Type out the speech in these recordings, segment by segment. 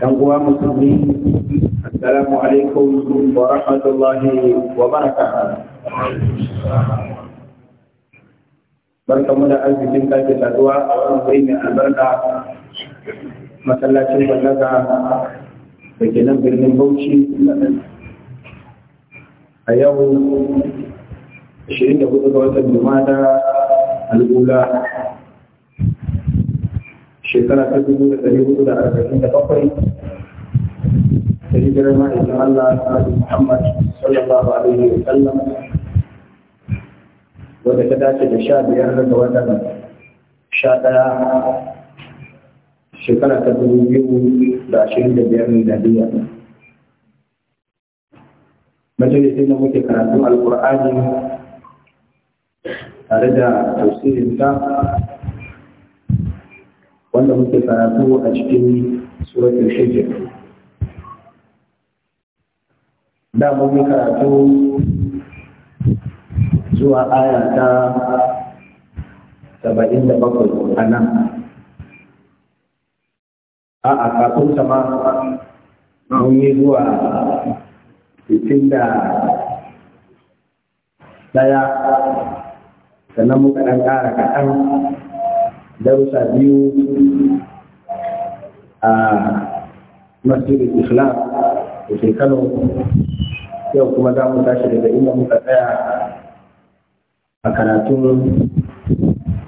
ɗan uwa musulmi assalamu alaikum wa rahmatullahi wa barakatuh barka mu da arzikin take saduwa a wannan wuri mai albarka masallacin gwallaga da ke nan birnin bauchi a yau 24 ga watan jumada al'ula shekara ta dubu da ɗari hudu da arba'in da bakwai da hijirar ma'aikin Allah Nabi Muhammad sallallahu alaihi wa sallam wadda ta dace da sha biyar daga watan sha ɗaya shekara ta dubu biyu da ashirin da biyar miladiya. Majalisai da muke karatun al Alƙur'ani tare da tafsirinsa wanda muke karatu a cikin suratul hijr da mun karatu zuwa aya ta saba'in da bakwai a nan a a ta ma mun yi zuwa sittin da daya sannan muka ɗan ƙara kaɗan darussa biyu a masjid islam da ke kano yau kuma za mu tashi daga inda muka tsaya a karatun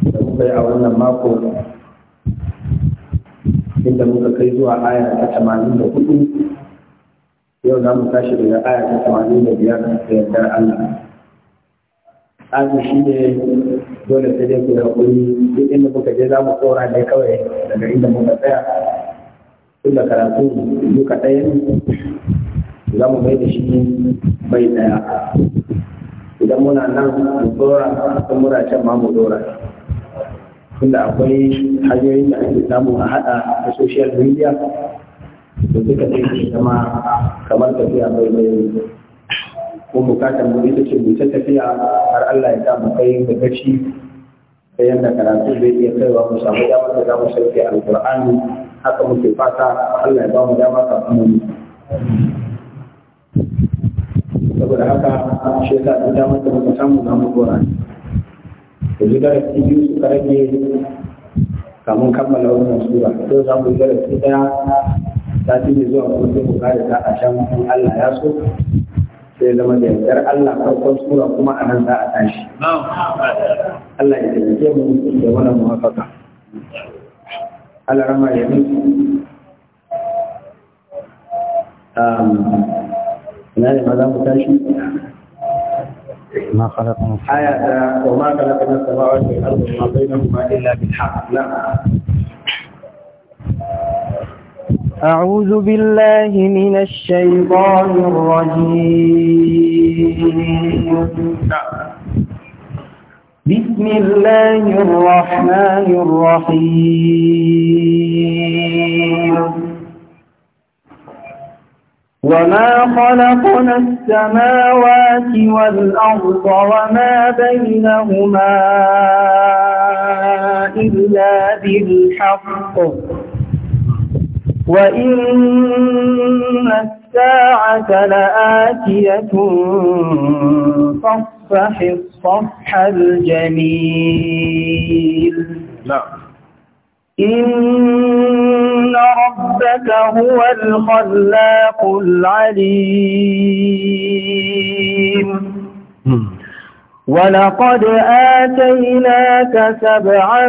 da muka yi a wannan mako inda muka kai zuwa aya ta tamanin da hudu, yau za mu tashi daga aya ta tamanin da biyar yardar Allah. Azu shi ne dole sai dai ku hakuri duk inda muka je za mu tsora ne kawai daga inda muka tsaya tun da karatu duka ɗaya za mu mai da shi bai ɗaya idan muna nan mu tsora sun muna can ma mu tsora tunda akwai hanyoyin da ake samu a haɗa a social media da suka ɗaya zama kamar tafiya bai bai ko bukatar mu ita ce mu ta tafiya har Allah ya sa mu kai mu gaci ta yadda karatu zai iya kaiwa mu samu damar da za mu sauke alƙur'ani haka muke fata Allah ya ba mu dama kuma mu saboda haka shi yasa ta damar da muka samu na mu gora yanzu darasi biyu suka rage kamun kammala wannan sura to za mu yi darasi daya ta mai zuwa kuma sai mu kare ta a can Allah ya so sai zama da yardar Allah farkon sura kuma a nan za a tashi Allah ya taimake mu da wannan muwafaka Allah rama ya bi ina ne ma za mu tashi ما خلقنا آية وما خلقنا السماوات والأرض وما بينهما إلا بالحق لا أعوذ بالله من الشيطان الرجيم بسم الله الرحمن الرحيم وما خلقنا السماوات والأرض وما بينهما إلا بالحق وإن الساعة لآتية فاصفح الصفح الجميل نعم إن ربك هو الخلاق العليم ولقد آتيناك سبعا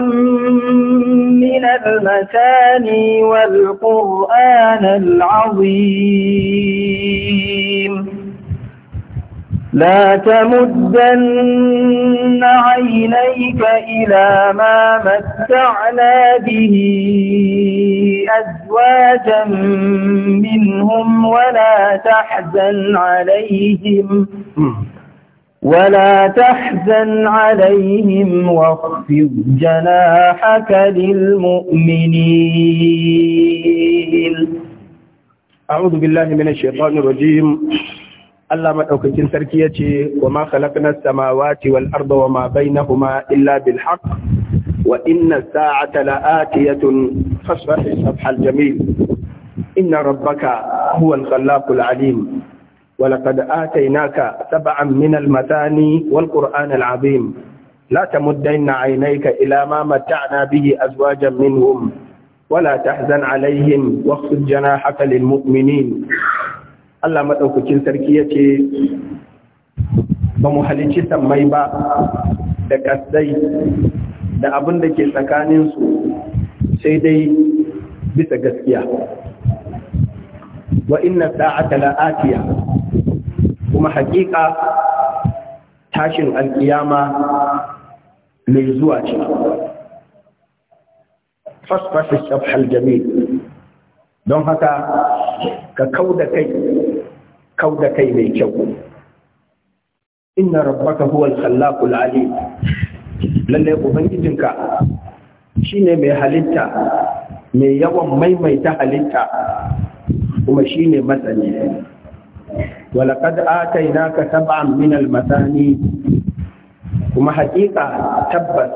من المثاني والقرآن العظيم لا تمدن عينيك إلى ما متعنا به أزواجا منهم ولا تحزن عليهم ولا تحزن عليهم واخفض جناحك للمؤمنين أعوذ بالله من الشيطان الرجيم اللهم أوكتن تركيتي وما خلقنا السماوات والأرض وما بينهما إلا بالحق وإن الساعة لآتية فاشرح الصفح الجميل إن ربك هو الخلاق العليم ولقد آتيناك سبعا من المثاني والقرآن العظيم لا تمدن عينيك إلى ما متعنا به أزواجا منهم ولا تحزن عليهم واخفض جناحك للمؤمنين الله ما توقف تركيا بمحلتي سميبا دكاستي da abin da ke tsakaninsu sai dai bisa gaskiya wa inna sa'ata la'atiya kuma haƙiƙa tashin alkiyama mai zuwa ce fasfasa shafhal jami don haka ka kau da kai kau da kai mai kyau inna rabbaka huwa al-khallaqul alim lalle ubangijinka shine mai halitta mai yawan maimaita halitta kuma shine matsani ولقد آتيناك سبعا من المثاني kuma haƙiƙa tabbas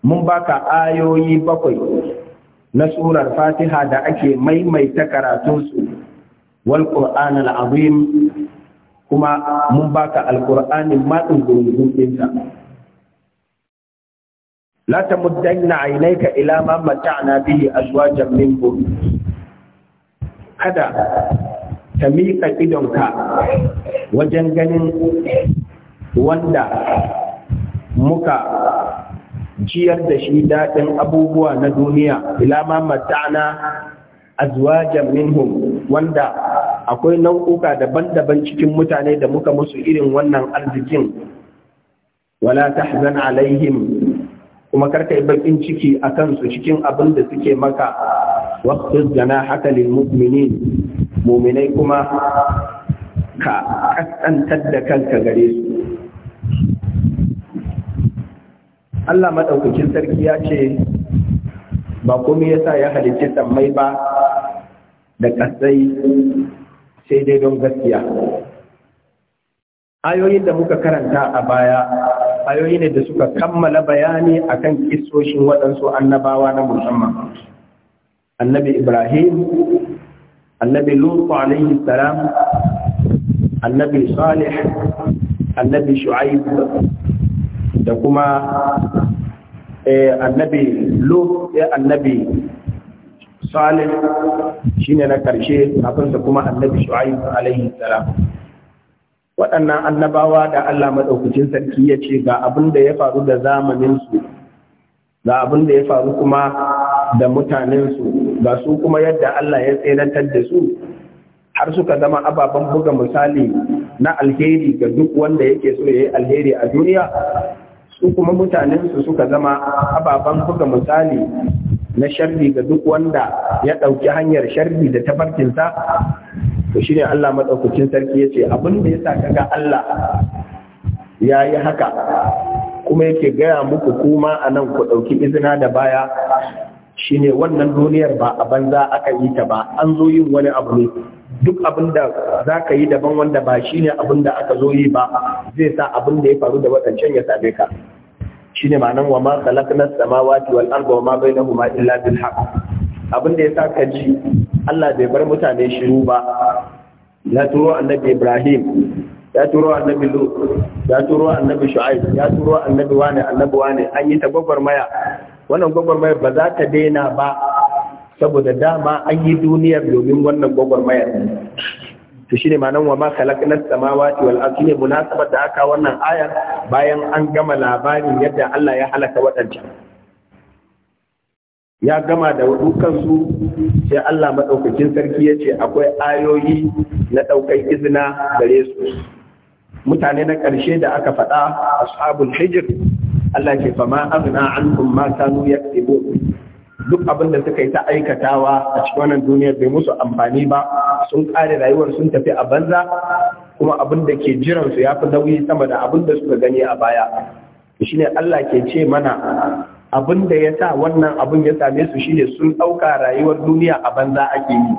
mun baka ayoyi bakwai na surar fatiha da ake maimaita karatunsu wal qur'an al kuma mun baka alqur'anin matsin gurgurun dinsa la tamuddanna aynayka ila ma mata'na bihi azwajan minhum kada ka miƙa idonka wajen ganin wanda muka jiyar da shi daɗin abubuwa na duniya ilama mata'ana azwajan minhum wanda akwai nau'uka daban-daban cikin mutane da muka musu irin wannan arzikin wala tahzan alaihim kuma karka yi bakin ciki a kansu cikin abin da suke maka واخفض kuma ka مؤمني da kanka كنك su. Allah maɗaukacin sarki ya ce ba komai yasa ya halicci sammai ba da ƙasai sai dai don gaskiya. Ayoyin da muka karanta a baya ayoyi ne da suka kammala bayani akan kisoshin waɗansu annabawa na musamman. annabi ibrahim annabi lutu alayhi salam annabi salih annabi shu'aib da kuma eh, annabi lut ya eh, annabi salih shine na karshe kafin sa kuma annabi shu'aib alayhi salam waɗannan annabawa da Allah madaukakin sarki ya ce ga abin da ya faru da zamanin su ga abin da ya faru kuma da mutanensu ba su kuma yadda Allah ya tseratar da su har suka zama ababen buga misali na alheri ga duk wanda yake so ya yi alheri a duniya su kuma mutanensu suka zama ababen buga misali na sharri ga duk wanda ya ɗauki hanyar sharri da tabarkinsa to shi ne Allah maɗaukacin sarki ya ce abin da ya sa kaga Allah ya yi haka kuma yake gaya muku kuma a nan ku ɗauki izina da baya Shi ne wannan duniyar ba a banza aka yi ta ba an zo yin wani abu ne duk abin da za ka yi daban wanda ba ne abin da aka zo yi ba zai sa abin da ya faru da waɗancan ya same ka ne ma'anan wa ma khalaqnas samawati wal arda wa ma bainahuma illa bil haqq abin da ya sa ka ji Allah bai bar mutane shiru ba ya turo annabi Ibrahim ya turo annabi lu ya turo annabi Shu'aib ya turo annabi wane annabi wane an yi ta gwagwarmaya wannan gwagwarmayar ba za ta daina ba saboda dama an yi duniyar domin wannan gwagwarmayar to shine manan wa ma khalaqnas samawati wal ardi ne munasabar da aka wannan ayar bayan an gama labarin yadda Allah ya halaka wadancan ya gama da dukkan sai Allah madaukakin sarki yace akwai ayoyi na ɗaukar izina gare su mutane na ƙarshe da aka faɗa ashabul hijr Allah ke fama azna ankum ma kanu yaktubu duk abin da suka yi ta aikatawa a cikin wannan duniyar bai musu amfani ba sun kare rayuwar sun tafi a banza kuma abin da ke jiran su yafi nauyi sama da abin da suka gani a baya shine Allah ke ce mana abin da ya sa wannan abin ya same su shine sun ɗauka rayuwar duniya a banza ake yi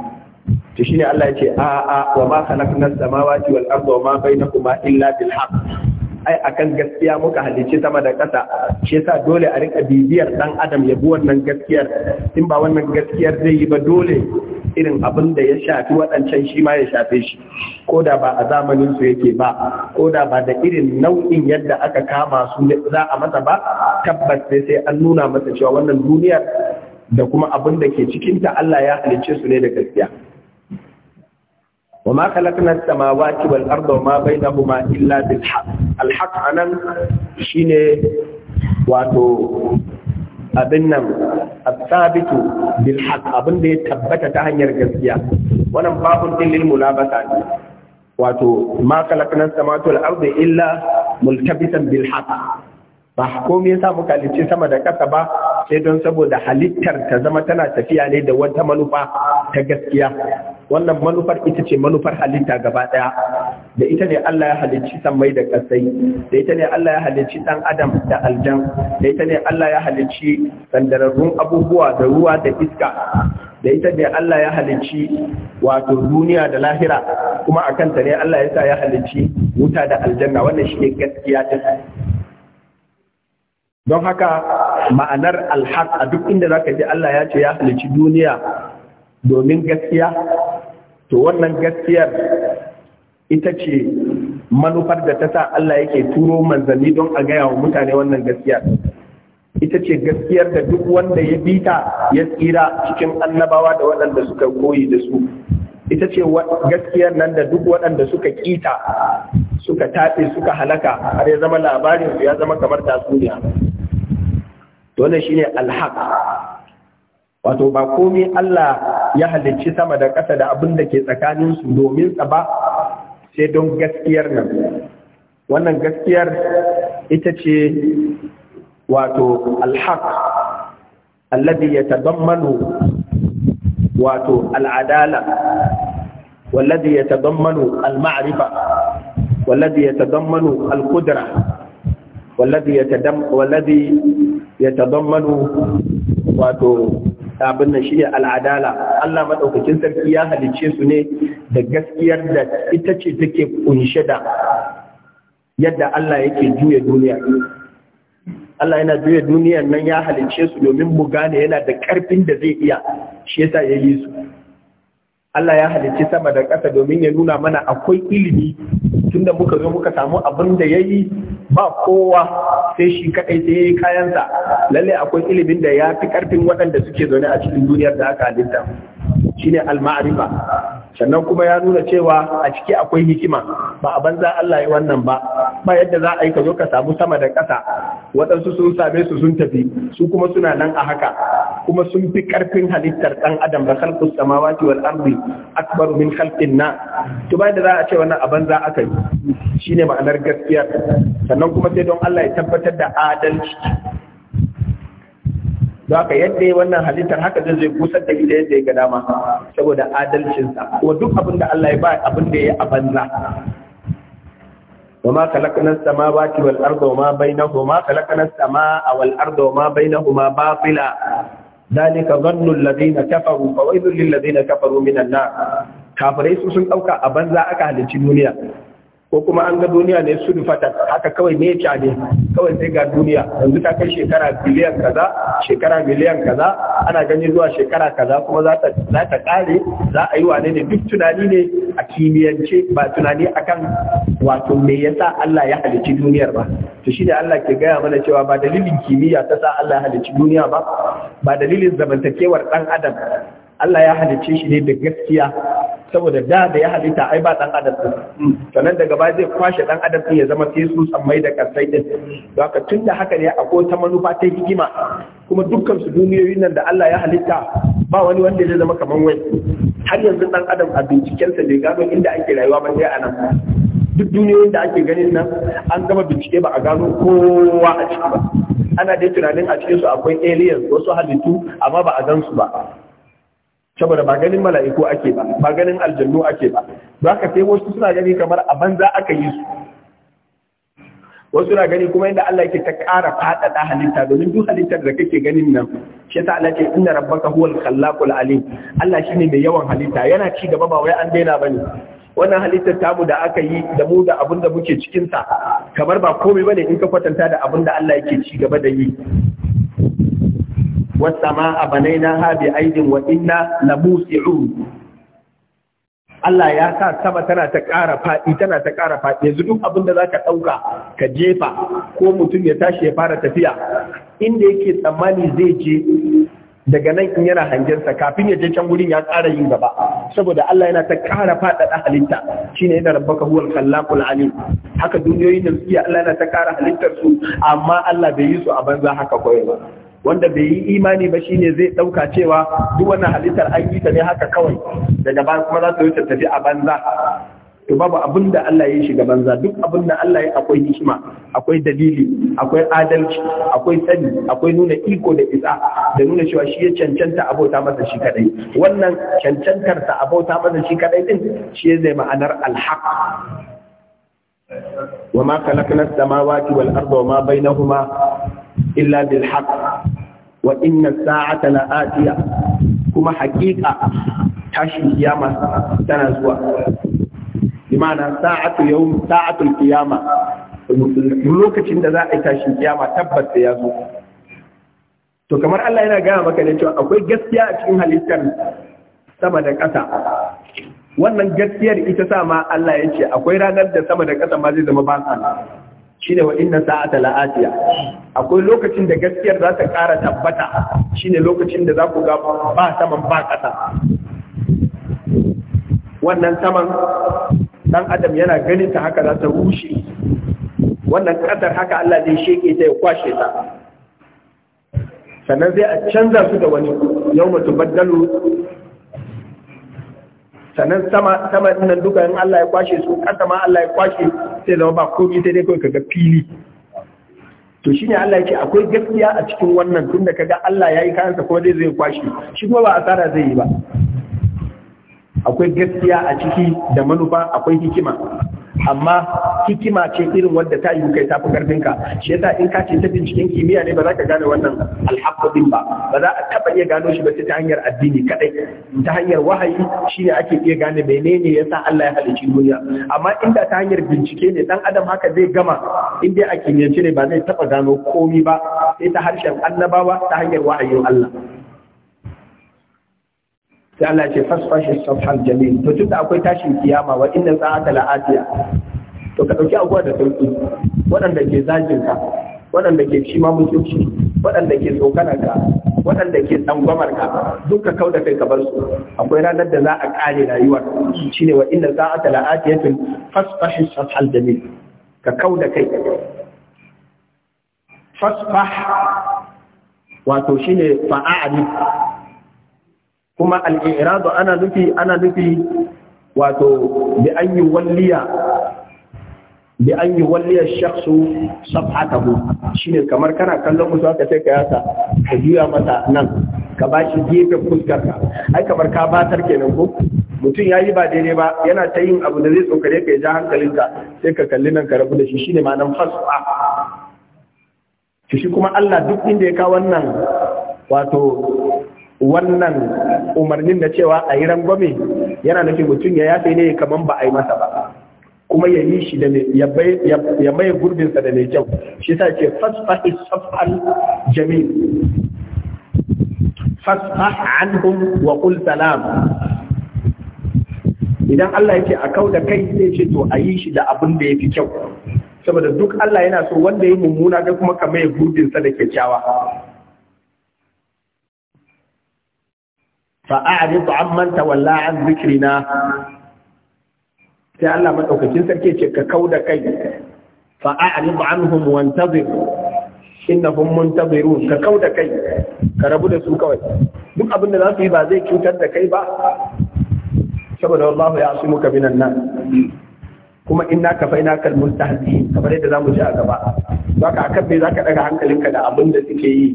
to shine Allah ya ce a a wa ma khalaqna as-samawati wal arda wa ma bainakuma illa bil haqq ai akan gaskiya muka halicci sama da ƙasa shi yasa dole a rika bibiyar ɗan adam ya bi wannan gaskiyar in ba wannan gaskiyar zai yi ba dole irin abin da ya shafi waɗancan shi ma ya shafe shi ko da ba a zamanin su yake ba ko da ba da irin nau'in yadda aka kama su za a masa ba tabbas sai an nuna masa cewa wannan duniyar da kuma abin da ke cikinta Allah ya halicce su ne da gaskiya wa ma khalaqna as-samawati wal arda wa ma bainahuma illa bil haqq al haqq anan shine wato abin nan asabitu bil haqq abin da ya tabbata ta hanyar gaskiya wannan babun din lil mulabasa ne wato ma khalaqna as-samawati wal arda illa multabisan bil haqq ba komai yasa muka halicci sama da ƙasa ba sai don saboda halittar ta zama tana tafiya ne da wata manufa ta gaskiya wannan manufar ita ce manufar halitta gaba ɗaya da ita ne Allah ya halicci sammai da ƙasai da ita ne Allah ya halicci ɗan adam da aljan da ita ne Allah ya halicci sandararrun abubuwa da ruwa da iska da ita ne Allah ya halicci wato duniya da lahira kuma a kanta ne Allah ya sa ya halicci wuta da aljanna wannan shi ne gaskiya ta don haka ma'anar alhaq a duk inda zaka ji Allah ya ce ya halicci duniya domin gaskiya to wannan gaskiyar ita ce manufar da ta sa Allah yake turo manzanni don a gaya wa mutane wannan gaskiyar ita ce gaskiyar da duk wanda ya bita ya tsira cikin annabawa da waɗanda suka koyi da su ita ce gaskiyar nan da duk waɗanda suka kita suka tafi suka halaka har ya zama labarin ya zama kamar tatsuniya to wannan shine alhaq wato ba komai Allah ya halicci sama da ƙasa da abin da ke tsakaninsu domin sa ba sai don gaskiyar nan wannan gaskiyar ita ce wato alhaq alladhi yatadammanu wato al'adala والذي يتضمن المعرفة والذي يتضمن القدرة والذي يتضمن والذي يتضمن wato. abin nan shi ne al'adala Allah maɗaukakin sarki ya halicce su ne da gaskiyar da ita ce take kunshe da yadda Allah yake juya duniya Allah yana juya duniyar nan ya halicce su domin mu gane yana da ƙarfin da zai iya shi yasa ya yi su Allah ya halicci sama da ƙasa domin ya nuna mana akwai ilimi tunda muka zo muka samu abin da ya yi ba kowa sai shi kaɗai sai ya yi kayansa lallai akwai ilimin da ya fi ƙarfin waɗanda suke zaune a cikin duniyar da aka halitta ne al maarifa sannan kuma ya nuna cewa a ciki akwai hikima ba a banza Allah ya wannan ba ba yadda za a yi ka zo ka samu sama da ƙasa waɗansu sun same su sun tafi su kuma suna nan a haka kuma sun fi ƙarfin halittar ɗan adam da halkus samawati wal ardi akbar min halkin na to ba yadda za a ce wannan a banza aka yi shine ma'anar gaskiya sannan kuma sai don Allah ya tabbatar da adalci za ka yadda wannan halittar haka zai zai kusa da gida yadda ya gada ma saboda adalcinsa wa duk abin da Allah ya ba abin da ya a banza wa ma kalakanar sama ba ki wal arda ma bainahu ma kalakanar sama a wal arda ma bainahu ma ba fila ذلك ظن الذين كفروا فويل للذين كفروا من النار كافرين sun دauka a banza aka halicci duniya ko kuma an ga duniya ne su fata haka kawai ne ya ne kawai sai ga duniya yanzu ta kai shekara biliyan kaza shekara biliyan kaza ana ganin zuwa shekara kaza kuma za ta za kare za a yi wane ne duk tunani ne a kimiyyance ba tunani akan wato me yasa Allah ya halicci duniyar ba to shine Allah ke gaya mana cewa ba dalilin kimiyya ta sa Allah ya halicci duniya ba ba dalilin zamantakewar dan adam Allah ya halice shi ne da gaskiya saboda da da ya halita ai ba dan adam din nan daga baya zai kwashe dan adam ya zama sai su da kasai din haka tunda haka ne akwai ta manufa ta hikima kuma dukkan su duniyoyin nan da Allah ya halitta ba wani wanda zai zama kaman wani har yanzu dan adam a binciken sa da gano inda ake rayuwa ba sai a nan duk duniyoyin da ake ganin nan an gama bincike ba a gano kowa a ciki ba ana dai tunanin a cikin su akwai aliens wasu halittu amma ba a gan ba saboda ba ganin mala'iku ake ba ba ganin aljannu ake ba za ka sai wasu suna gani kamar a banza aka yi su wasu suna gani kuma inda Allah yake ta ƙara faɗaɗa halitta domin duk halittar da kake ganin nan shi ta Allah ce inna rabbaka huwal khallaqul alim Allah shine mai yawan halitta yana ci gaba ba wai an daina bane wannan halittar tamu da aka yi da mu da abin da muke cikin ta kamar ba komai bane in ka kwatanta da abin da Allah yake ci gaba da yi والسماء بنيناها بأيد وإنا لموسعون Allah ya sa sama tana ta ƙara faɗi tana ta ƙara faɗi yanzu duk abin da za ka ɗauka ka jefa ko mutum ya tashi ya fara tafiya inda yake tsammani zai je daga nan in yana hangensa kafin ya je can wurin ya ƙara yin gaba saboda Allah yana ta ƙara faɗaɗa halitta shine yana rabbaka huwal khallaqul alim haka duniyoyin da suke Allah yana ta ƙara halittar su amma Allah bai yi su a banza haka koyar ba wanda bai yi imani ba shine zai dauka cewa duk wannan halittar an yi ta ne haka kawai daga baya kuma za ta yi tafi a banza to babu abin da Allah ya yi shiga banza duk abin da Allah ya akwai hikima akwai dalili akwai adalci akwai sani akwai nuna iko da isa da nuna cewa shi ya cancanta abota masa shi kadai wannan cancantar sa abota masa shi kadai din shi ne ma'anar alhaq وما خلقنا السماوات والأرض وما بينهما إلا بالحق وإن الساعة لآتية كما حقيقة تشي القيامة تنزوى بمعنى ساعة يوم ساعة القيامة الملوكة da za a yi tashin kiyama to kamar Allah yana gaya maka ne cewa akwai gaskiya a cikin halittar sama da ƙasa wannan gaskiyar ita sa ma Allah ya ce akwai ranar da sama da ƙasa ma zai zama ba shine wa inna sa'ata la'atiya akwai lokacin da gaskiyar za ta ƙara tabbata shi ne lokacin da za ku ga ba saman ba ƙasa wannan saman ɗan adam yana ganin ta haka za ta rushe wannan ƙasar haka Allah zai sheke ta ya kwashe ta sannan zai a canza su da wani yau mutu baddalu sannan sama sama nan duka in Allah ya kwashe su kasa ma Allah ya kwashe sai zama ba komai sai dai kawai kaga fili to shine Allah ce akwai gaskiya a cikin wannan tunda kaga Allah yayi kayansa kuma zai zai kwashe shi kuma ba asara zai yi ba akwai gaskiya a ciki da manufa akwai hikima amma hikima ce irin wanda ta yi kai ta fi karfinka shi yasa in ka ce ta binciken kimiyya ne ba za ka gane wannan alhaqqin ba ba za a taba iya gano shi ba sai ta hanyar addini kadai ta hanyar wahayi shine ake iya gane ne ya sa Allah ya halicci duniya amma inda ta hanyar bincike ne dan adam haka zai gama in dai a kimiyyance ne ba zai taɓa gano komi ba sai ta harshen annabawa ta hanyar wahayin Allah sai Allah ce fasfashi sabhan jamil to da akwai tashin kiyama wa inna sa'ata la'atiya to ka dauki abuwa da sauki waɗanda ke zajin ka waɗanda ke ci ma mutunci waɗanda ke tsokana ka waɗanda ke tsangwamar ka duka kau da kai ka bar su akwai ranar da za a kare rayuwar shine wa inna sa'ata tun fasfashi sabhan jamil ka kau da kai fasfah wato shine fa'a'arif kuma alirazu ana nufi ana nufi wato bi an yuwalliya bi an yuwalliya shakhsu Shi kamar kana kallon musu haka sai ka yasa ka juya mata nan ka bashi gefen fuskar ka ai kamar ka batar kenan ko mutum ya yi ba daidai ba yana ta yin abu da zai tsokare ka ya ja hankalinka sai ka kalli nan ka rabu da shi shine ma'anar fasfa shi kuma Allah duk inda ya kawo wannan wato wannan umarnin na cewa a yi rangwame yana nufi mutum ya yafe ne kamar ba a yi masa ba kuma ya yi shi ya maye gurbinsa da mai kyau shi sa ce fasfa isfafal jami fasfa anhum wa qul salam idan Allah yake a kau da kai sai ce to a yi shi da abin da ya fi kyau saboda duk Allah yana so wanda ya mummuna ga kuma ka maye gurbinsa da kyakkyawa fa'a'ridu amman tawalla an zikrina sai Allah madaukakin sarki ce ka kau da kai an fa'a'ridu anhum wantazir innahum muntazirun ka kau da kai ka rabu da su kawai duk abin da za su yi ba zai cutar da kai ba saboda wallahu ya su muka binan nan kuma ina ka faina kal mustahzi kamar yadda mu ji a gaba Za ka akan za ka daga hankalinka da abin da suke yi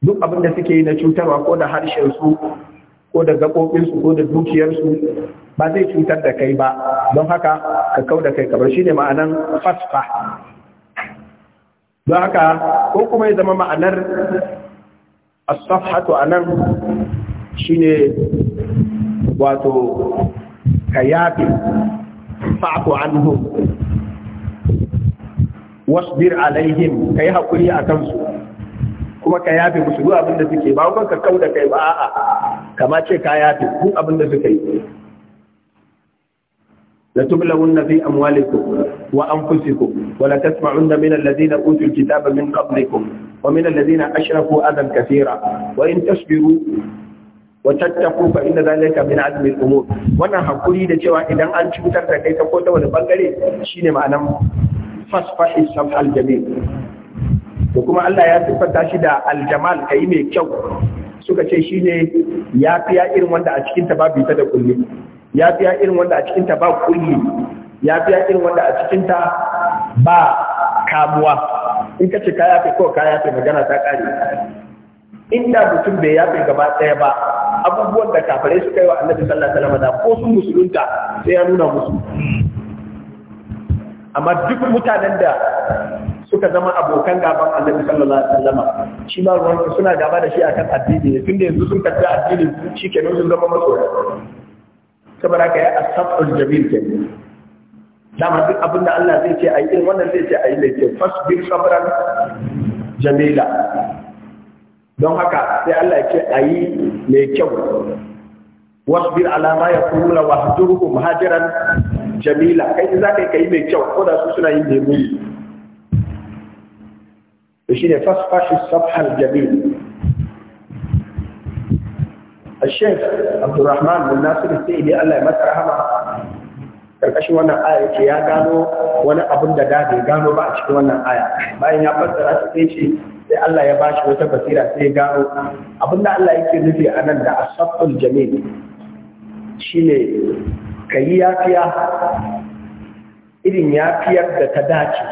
duk abin da suke yi na cutarwa ko da harshen su ko da gaɓoɓinsu ko da dukiyarsu ba zai cutar da kai ba don haka ka kau da kai kamar shi ne ma'anan fasfa don haka ko kuma ya zama ma'anar asafhatu a nan shi ne wato ka yafi fa'afu wasbir alaihim ka yi haƙuri a kansu kuma ka yafe musu duk abin da suke ba kuma ka kauda kai ba a'a kama ce ka yafe duk abin da suka yi la tublawunna fi amwalikum wa anfusikum wa la tasma'unna min alladhina utul kitaba min qablikum wa min alladhina ashraku adan kathira wa in tasbiru wa tattaku fa inna zalika min azmi al-umur wannan hakuri da cewa idan an cutar da kai ta ko ta wani bangare shine ma'anan fasfahi sam'al jamil to kuma Allah ya siffanta shi da aljamal kai mai kyau suka ce shine ya fiya irin wanda a cikin ta babu da kulli ya fiya irin wanda a cikin ta ba kulli ya fiya irin wanda a cikin ta ba kamuwa in ka ce kaya fi ko kaya fi magana ta kare inda mutum bai yafe gaba ɗaya ba abubuwan da kafare su kai wa annabi sallallahu alaihi wasallam ko sun musulunta sai ya nuna musu amma duk mutanen da suka zama abokan gaban annabi sallallahu alaihi wasallam shi ma ruwan suna gaba da shi akan addini ne tunda yanzu sun karɓi addini shi nan sun zama masoya saboda ka yi asabul jabil kenan dama duk abin da Allah zai ce a yi irin wannan zai ce a yi laifi bin sabran jamila don haka sai Allah ya ce a yi mai kyau wasbir alama ya kula wa hajjuruhum hajiran jamila kai za ka yi mai kyau ko da su suna yin mai muni to shine fasfashi safhal jamil الشيخ عبد الرحمن بن Allah ya الله يمسى رحمه karkashin wannan aya ce ya gano wani abun da dade gano ba a cikin wannan aya bayan ya fassara su sai ce sai Allah ya bashi wata basira sai ya gano Abun da Allah yake nufi a nan da asabul jamil shine kayi yafiya irin yafiyar da ta dace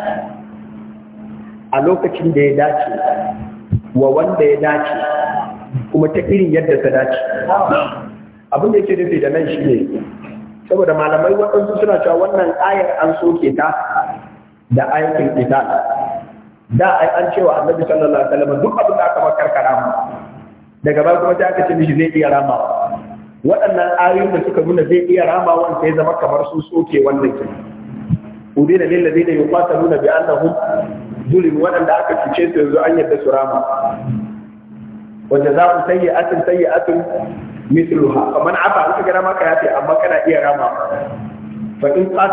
a lokacin da ya dace wa wanda ya dace kuma ta irin yadda ta dace abin da yake nufi da nan shi ne saboda malamai waɗansu suna cewa wannan ayar an soke ta da aikin ita. da ai an cewa annabi sallallahu alaihi wasallam duk abin da aka ba karkara mu daga baya kuma aka ce mishi zai iya rama waɗannan ayoyin da suka nuna zai iya rama wanda ya zama kamar sun soke wannan kin da lil ladina yuqataluna bi annahum Zulin, waɗanda aka cuce su yanzu an yadda su rama wanda za ku sayi asin sayi asin misluha kamar aka an kaga maka ka yafe amma kana iya rama fa in fa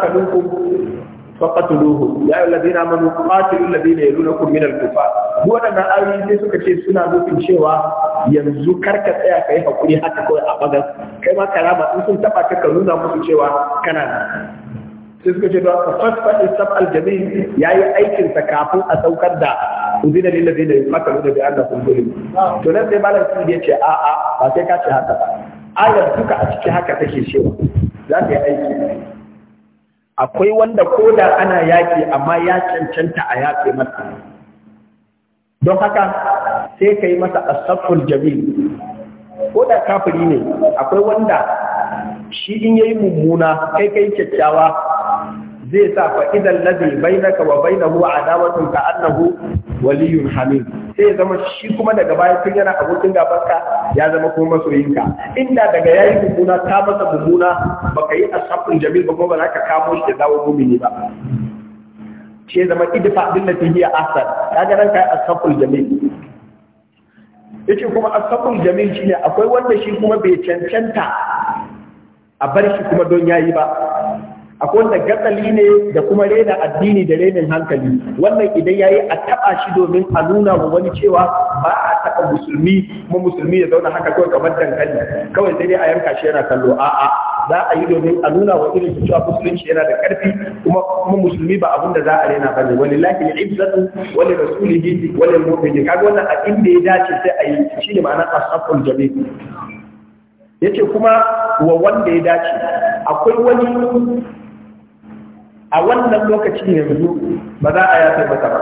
faqatuluhu ya ayyuhal ladina amanu qatilul ladina yalunakum min al-kufar waɗannan ayoyi sai suka ce suna nufin cewa yanzu kar ka tsaya ka yi hakuri haka kawai a bagas kai ma ka rama, in sun taɓa ka ka nuna musu cewa kana sai suka ce don fasfa isaf ya yi aikinsa kafin a saukar da uzina lil ladina da bi kun to nan sai malam sun ya ce a a ba sai ka ce haka ba ayar duka a ciki haka take cewa za ta yi aiki akwai wanda ko da ana yaki amma ya cancanta a yafe masa don haka sai ka yi masa asaful jamil ko da kafiri ne akwai wanda shi in yayi mummuna kai kai kyakkyawa zai sa fa idan bai bainaka wa bainahu adawatun ka annahu waliyun hamil sai zama shi kuma daga baya tun yana abokin gabanka ya zama kuma masoyinka inda daga ya yi mummuna ta masa mummuna ka yi asafin jamil ba kuma ba za ka kamo shi da dawo mumini ba shi zama ta yi a asar ka ga nan yi asafin jamil yace kuma asabul jamil shine akwai wanda shi kuma bai cancanta a bar shi kuma don yayi ba akwai wanda gatsali ne da kuma rena addini da renin hankali wannan idan yayi a taba shi domin a nuna wa wani cewa ba a taba musulmi kuma musulmi ya zauna haka kawai kamar dankali kawai sai dai a yanka shi yana kallo a za a yi domin a nuna wa irin cewa musulunci yana da karfi kuma kuma musulmi ba abin da za a rena bane Wani al-izzatu wa wani rasulihi wani lil mu'minin kaga wannan a inda ya dace sai a yi shine ma'ana ashabul jami yace kuma wa wanda ya dace akwai wani a wannan lokacin yanzu ba za a yafe masa ba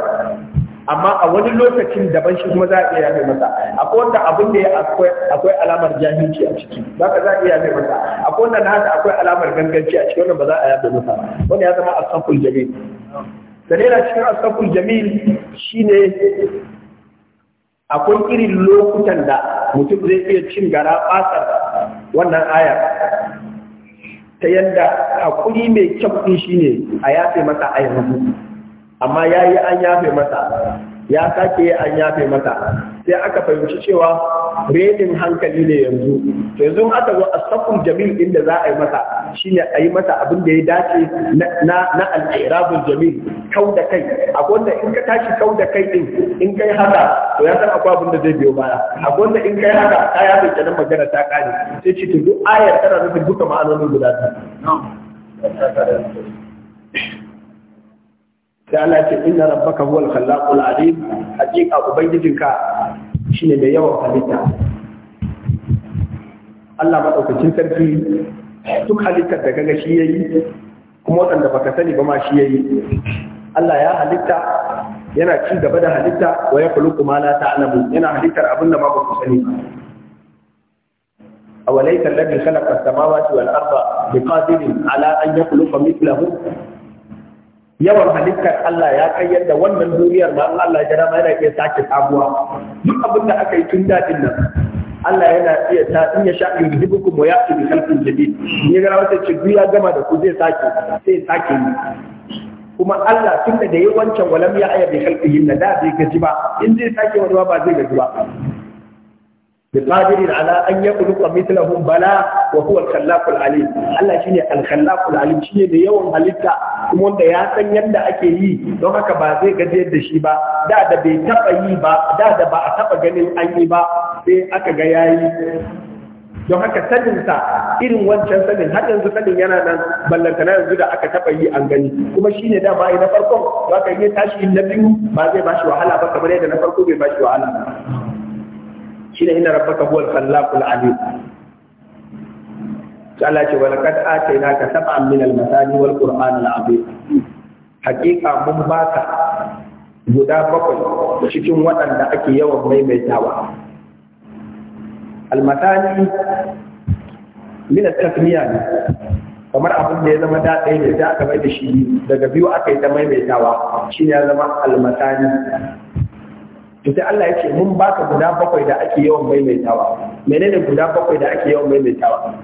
amma a wani lokacin daban shi kuma za a iya yafe masa akwai wanda abin da ya akwai alamar jahilci a ciki ba ka za a iya yafe masa akwai wanda na haka akwai alamar ganganci a ciki wannan ba za a yafe masa wanda ya zama asaful jamil sanera cikin asaful jamil shine akwai irin lokutan da mutum zai iya cin gara fasar wannan ayar ta yanda hakuri mai kyau shi shine a yafe masa a yanzu amma ya yi an yafe masa ya sake an yafe masa sai aka fahimci cewa redin hankali ne yanzu to yanzu aka zo a asafun jamil inda za a yi masa shine a yi masa abin da ya dace na na al-irabul jamil kau da kai akwai wanda in ka tashi kau da kai din in kai haka to ya san akwai abin da zai biyo baya a wanda in kai haka ka ya bai kenan magana ta kare sai ce tudu duk ayar tana da duka ma'anonin guda biyu sai Allah ce inna rabbaka huwal khallaqul alim hakika ubangijinka shine mai yawan halitta Allah madaukakin sarki duk halittar da kaga shi yayi kuma wadanda baka sani ba ma shi yayi Allah ya halitta yana ci gaba da halitta wa ya kulu kuma la ta'lamu yana halittar abin da ma ba ku sani ba awalaysa alladhi khalaqa as-samawati wal arda biqadirin ala an yakhluqa mithlahum yawan halittar Allah ya kai yadda wannan duniyar ma Allah ya jira yana iya sake sabuwa duk abin da aka yi tun dadin nan Allah yana iya ta in ya sha in gidi ku mu ya ci bi kalfin jadid ni ga wata ci ya gama da ku zai sake sai sake kuma Allah tun da yayi wancan walam ya aya bi kalfihin da bai gaji ba in zai sake wani ba zai gaji ba بقادر على أن يخلق مثلهم بلا وهو الخلاق العليم الله شيني الخلاق العليم شيني da yawan halitta kuma wanda ya san yadda ake yi don haka ba zai gajiyar da shi ba da da bai taba yi ba da da ba a taba ganin an yi ba sai aka ga yayi don haka saninsa irin wancan sanin har yanzu sanin yana nan ballantana yanzu da aka taɓa yi an gani kuma shi ne dama na farkon ba ka yi tashi na biyu ba zai ba shi wahala ba kamar yadda na farko bai ba shi wahala shine inna rabbaka huwal khallaqul alim Allah ce wala kad na ka sab'an min al-masani wal qur'an al-azim hakika mun baka guda bakwai cikin waɗanda ake yawan maimaitawa al-masani min al-tasmiya ne kamar abin da ya zama da ɗaya ne sai aka mai da shi daga biyu aka yi ta maimaitawa shine ya zama al-masani to Allah ya ce mun baka guda bakwai da ake yawan maimaitawa menene guda bakwai da ake yawan maimaitawa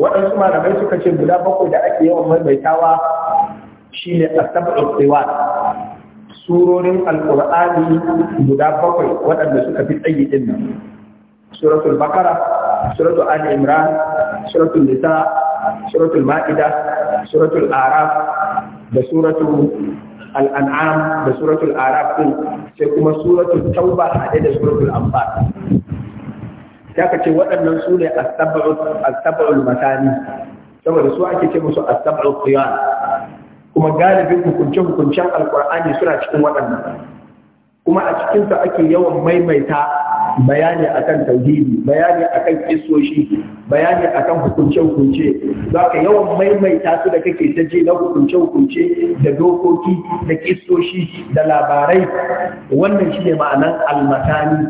waɗansu malamai suka ce guda bakwai da ake yawan maimaitawa shine asab'u siwat surorin alqur'ani guda bakwai waɗanda suka fi tsayi din nan suratul bakara suratul ali imran suratul nisa suratul ma'ida suratul araf da suratul al'an'am da suratul araf ɗin sai kuma suratul tauba haɗe da suratul amba Ya ka waɗannan su ne asaba'ul matani saboda su ake ce musu asaba'ul qiyan kuma galibin hukunce-hukuncen alƙur'ani suna cikin waɗannan kuma a cikinsa ake yawan maimaita bayani akan tauhidi bayani akan kisoshi bayani akan hukunce hukunce zaka yawan maimaita su da kake ta je na hukunce hukunce da dokoki da kisoshi da labarai wannan shine ma'anan almatani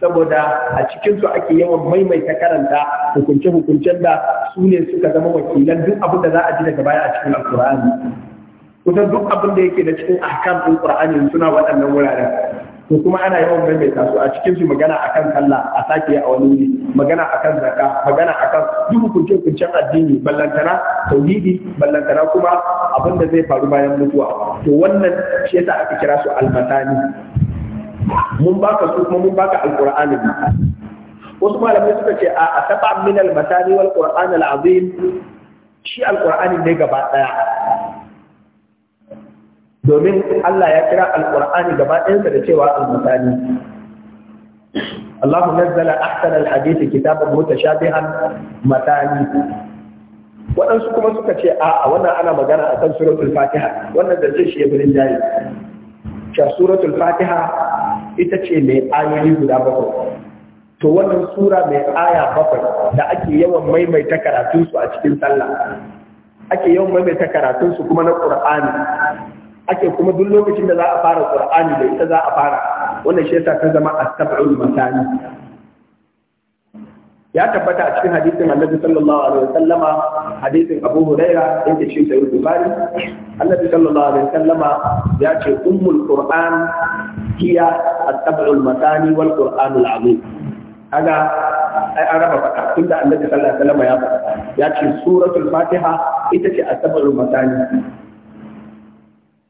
saboda a cikin ake yawan maimaita karanta hukunce hukuncen da su ne suka zama wakilan duk abin da za a ji daga baya a cikin alkur'ani kusan duk abin da yake da cikin ahkam din qur'ani suna waɗannan wuraren to kuma ana yawan maimaita su a cikin su magana akan sallah a sake a wani wuri magana akan zaka magana akan duk hukuncin hukuncin addini ballantana tauhidi ballantana kuma abin da zai faru bayan mutuwa to wannan shi yasa aka kira su almatani mun baka su kuma mun baka alqur'anin wasu malamai suka ce a asaba min almatani wal qur'an alazim shi alqur'anin ne gaba daya domin Allah ya kira alqur'ani gaba ɗayansa da cewa al-masani Allah nazzala ahsana al-hadith kitaban mutashabihan matani waɗansu kuma suka ce a wannan ana magana a kan suratul fatiha wannan da shi ya birin jari cewa suratul fatiha ita ce mai ayoyi guda bakwai to wannan sura mai aya bakwai da ake yawan maimaita karatunsu a cikin sallah ake yawan maimaita karatunsu kuma na ƙur'ani ake kuma duk lokacin da za a fara qur'ani da ita za a fara wannan shi yasa ta zama as-sab'ul masani ya tabbata a cikin hadisin annabi sallallahu alaihi wasallama hadisin abu huraira yake cikin sahih bukhari annabi sallallahu alaihi wasallama ya ce ummul qur'an hiya at-tab'ul matani wal qur'anul azim kaga ai an raba faɗa tunda annabi sallallahu alaihi wasallama ya faɗa ya ce suratul fatiha ita ce at-tab'ul matani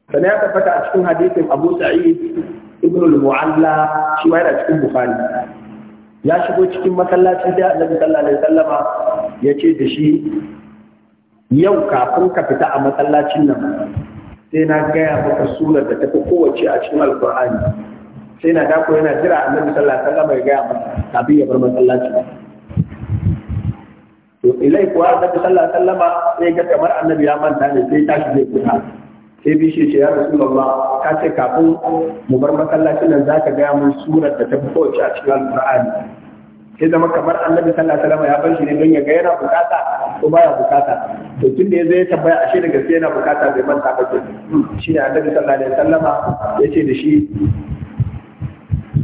sannan ya tabbata a cikin hadisin Abu Sa'id ibn al-Mu'alla shi ma yana cikin Bukhari ya shigo cikin masallacin da Annabi sallallahu alaihi wasallama ya ce da shi yau kafin ka fita a masallacin nan sai na gaya maka surar da tafi kowace a cikin alkur'ani sai na dako yana jira annabi sallallahu alaihi wasallam ya gaya maka kafin ya bar masallaci to ilai kuwa annabi sallallahu alaihi wasallam sai ga kamar annabi ya manta ne sai tashi zai fita sai shi ce ya rasu rasulullah ka ce kafin mu bar masallacin nan za ka gaya mun surar da ta fi a cikin Alƙur'ani. sai zama kamar annabi sallallahu alaihi wasallam ya bar shi ne don ya ga yana bukata ko baya bukata to tun da zai ya tambaya ashe da gaske yana bukata bai manta ba ke hmm, shi ne annabi sallallahu alaihi ya yace da shi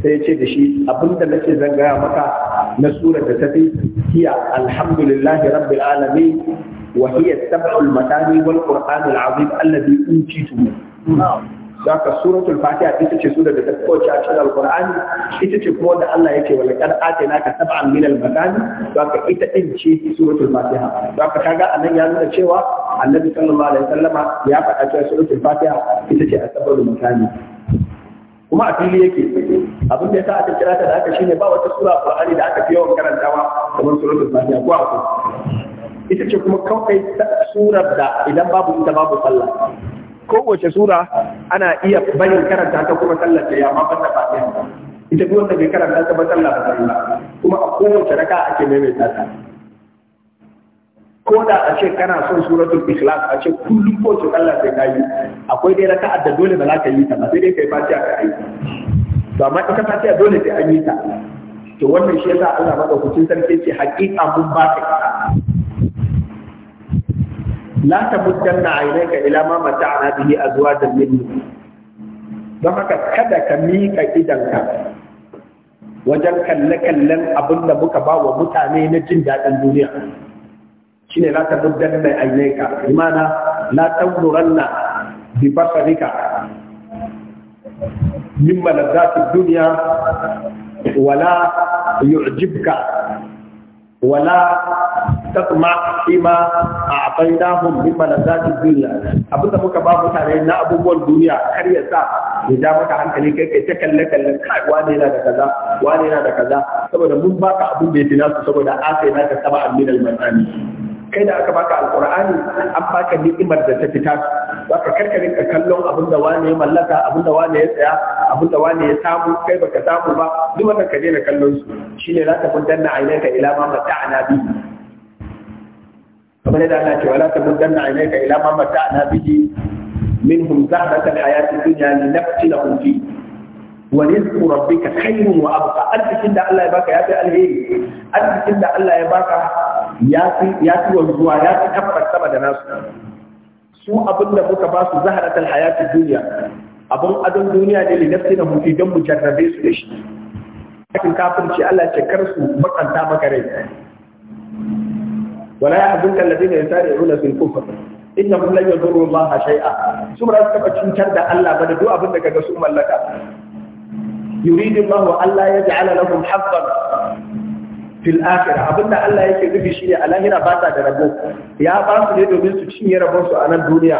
sai ya ce da shi abinda nake zan gaya maka na surar da ta tafi hiya alhamdulillahi rabbil alamin وهي السبع المتاني والقرآن العظيم الذي أوتيته Zaka suratul Fatiha ita ce sura da ta kowace a cikin Alƙur'ani ita ce kuma wanda Allah yake wala kad atina ka sab'an min al-matani zaka ita din ce suratul Fatiha zaka kaga anan ya nuna cewa Annabi sallallahu alaihi wasallama ya faɗa cewa suratul Fatiha ita ce asbabul matani kuma a fili yake abin da ya aka kira ta da haka shine ba wata sura Qur'ani da aka fi yawan karantawa kamar suratul Fatiha ko ita ce kuma kawai surar da idan babu ita babu sallah kowace sura ana iya barin karanta ta kuma sallar ta ya ma banda fatiha ita duk wanda bai karanta ta ba sallah ba sallah kuma a kowace raka ake maimaita ta ko da a ce kana son suratul ikhlas a ce kullum ko ce Allah sai kai akwai dai raka'a da dole ba za ka yi ta ba sai dai kai fatiha ka yi to amma ita fatiha dole sai an yi ta to wannan shi yasa Allah madaukakin sarki ce haƙiƙa mun ba ka la tamuddanna aynaka ila ma mata'na bihi azwajan minhum don haka kada ka miƙa idanka wajen kalle-kallen abin da muka ba wa mutane na jin daɗin duniya shi ne lata buddan mai ainaika imana latan nuranna bi basarika min malazati duniya wala yu'jibka wala tasma ima a abaidahum min malazati dunya abin da muka ba mutane na abubuwan duniya kar ya sa ya ja maka hankali kai kai ta kalle kalle kai wane yana da kaza wane yana da kaza saboda mun baka abin da ya fi nasu saboda aka yi naka saba min al-manani kai da aka baka alqur'ani an baka ni'imar da ta fita ba ka karkarin ka kallon abin da wani ya mallaka abin da wani ya tsaya abin da wani ya samu kai baka samu ba duk wannan ka daina kallon su shine la ta kuntanna ainaka ila ma mata'na bi kamar yadda Allah ce wala ta kuntanna ainaka ila ma mata'na bihi minhum zahrata alhayat ad-dunya linaftinahum fi wa rizqu rabbika khayrun wa abqa arzikin da Allah ya baka ya fi alheri arzikin da Allah ya baka ya fi wanzuwa ya fi kafar sama da nasu su abin da muka ba su zaharatar hayatin duniya abin adon duniya ne da nafsi na hutu don mu jarrabe su da shi kafin kafirci Allah ce kar su makanta maka rai wala ya abin kallabi ne ya tare rula sun kufa inna kun lan yadurru Allah shay'a su ba su taba cutar da Allah ba da duk abin da kaga su mallaka yuridu Allah Allah ya ja'ala lahum haqqan fil akhirah abinda Allah yake nufi shine a lahira ba ta da rabo ya ba su ne domin su cinye rabon su a nan duniya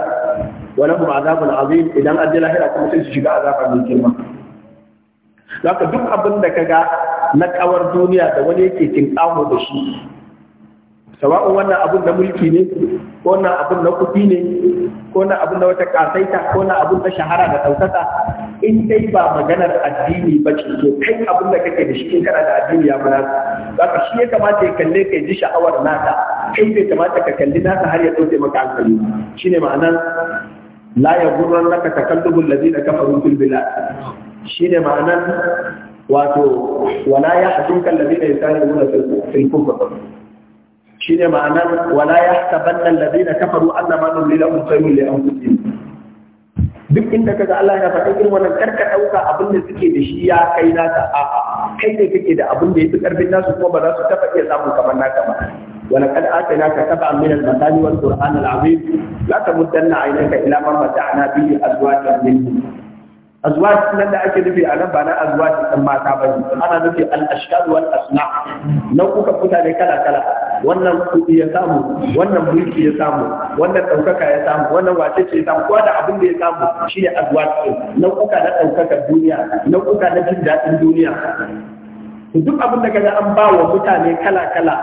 wala mu azabin azim idan an je lahira kuma sai su shiga azabar mai girma zaka duk abinda da ga na kawar duniya da wani yake tinkaho da shi sawa'un wannan abun na mulki ne ko wannan abun na kuɗi ne ko na abin da wata kasaita ko na abin da shahara da ɗaukaka in dai ba maganar addini ba ce to kai abin da kake da shi in kana da addini ya muna ka shi ya kamata ya kalle ka ji sha'awar naka kai bai kamata ka kalli naka har ya ɗauke maka hankali shine ma'anar la yaghurrannaka takallubul ladina kafaru fil bilad shine ma'anar wato wala ya yahzunka alladhina yusari'una fil kufr shine ma'anar wala ya taban nan da zina ta faru Allah ma nuli da mutum ne an kuɗi duk inda ka ga Allah ya faɗa irin kar ka ɗauka abin da suke da shi ya kai naka a kai ne kake da abin da fi ƙarfin nasu kuma ba za su taɓa iya samun kamar naka ba wala kad atayna ka taba min al masani wal qur'an al azim la tamuddanna aynaka ila man mata'na bi azwajin minhum azwaj nan da ake nufi a nan ba na azwaj ɗan mata ba ne ana nufi al-ashkal wal asna nan kuka mutane kala kala wannan kuɗi ya samu wannan mulki ya samu wannan ɗaukaka ya samu wannan wace ce ya samu kowa da abin da ya samu shine azwaj ɗin nan kuka na ɗaukakar duniya nan kuka na jin daɗin duniya duk abin da kaga an ba wa mutane kala kala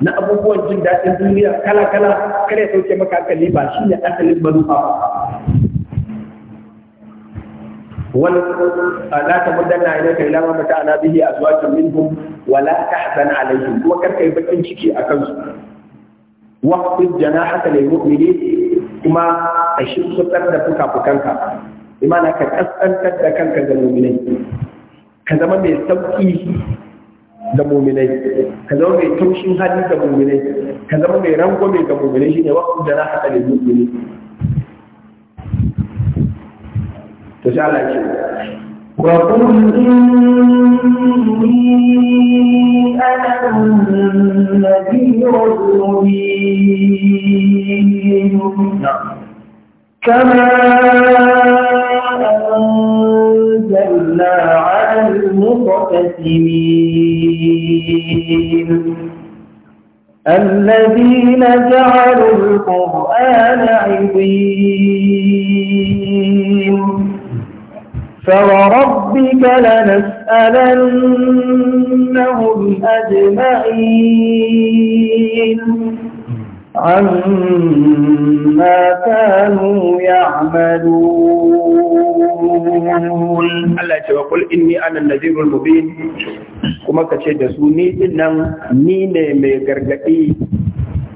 na abubuwan jin daɗin duniya kala kala kare ya ɗauke maka hankali ba shine asalin manufa ولا لا تمدن عينيك الى ما متعنا به ازواجا منهم ولا تحزن عليهم kuma kar kai bakin ciki a kansu waqfid janahaka lil mu'minin kuma a ka shirkutar da fuka-fukanka imana ka kaskantar da kanka ga mu'minai ka zama mai sauki da mu'minai ka zama mai taushin hali da mu'minai ka zama mai rangwame ga mu'minai shine waqfid janahaka lil mu'minin وقل إني أنا النذير المبين نعم. كما أنزلنا على المقتسمين الذين جعلوا القرآن عظيم فوربك لنسألنهم أجمعين عما كانوا يعملون الله يتوى قل إني أنا النذير المبين كما كتشد سوني إنن نيني مي غرغئي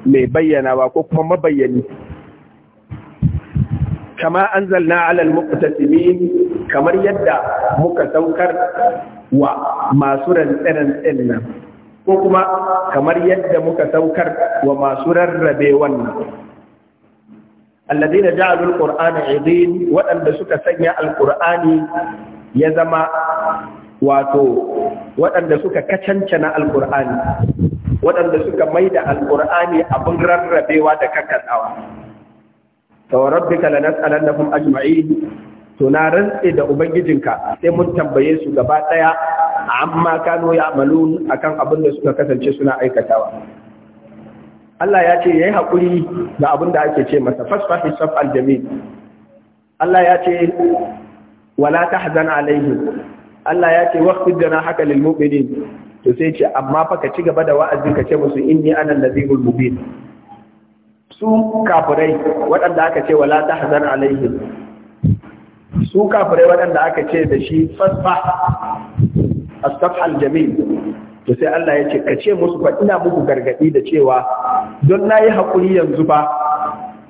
مي بينا وكما مبيني كما أنزلنا على المقتسمين kamar yadda muka saukar wa masu rantsen nan ko kuma kamar yadda muka saukar wa masu rarrabe wannan alladina ja'alul qur'ana idin waɗanda suka sanya alqur'ani ya zama wato waɗanda suka kacancana alqur'ani waɗanda suka maida alqur'ani abin rarrabewa da kakkasawa fa rabbika lanas'alannahum ajma'in to na rantse da ubangijinka sai mun tambaye su gaba daya amma kano ya amalu akan abin da suka kasance suna aikatawa Allah ya ce yayi hakuri da abin da ake ce masa fasfahi saf aljamil Allah ya ce wala tahzan alaihim Allah ya ce waqfid dana haka lil mu'minin to sai ce amma fa ka ci gaba da wa'azi ka ce musu inni ana nadhirul mubin su kafirai waɗanda aka ce wala tahzan alaihim su kafirai waɗanda aka ce da shi fasfa safhal jami'in to sai Allah ya ce ka ce musu fa ina muku gargaɗi da cewa don na yi haƙuri yanzu ba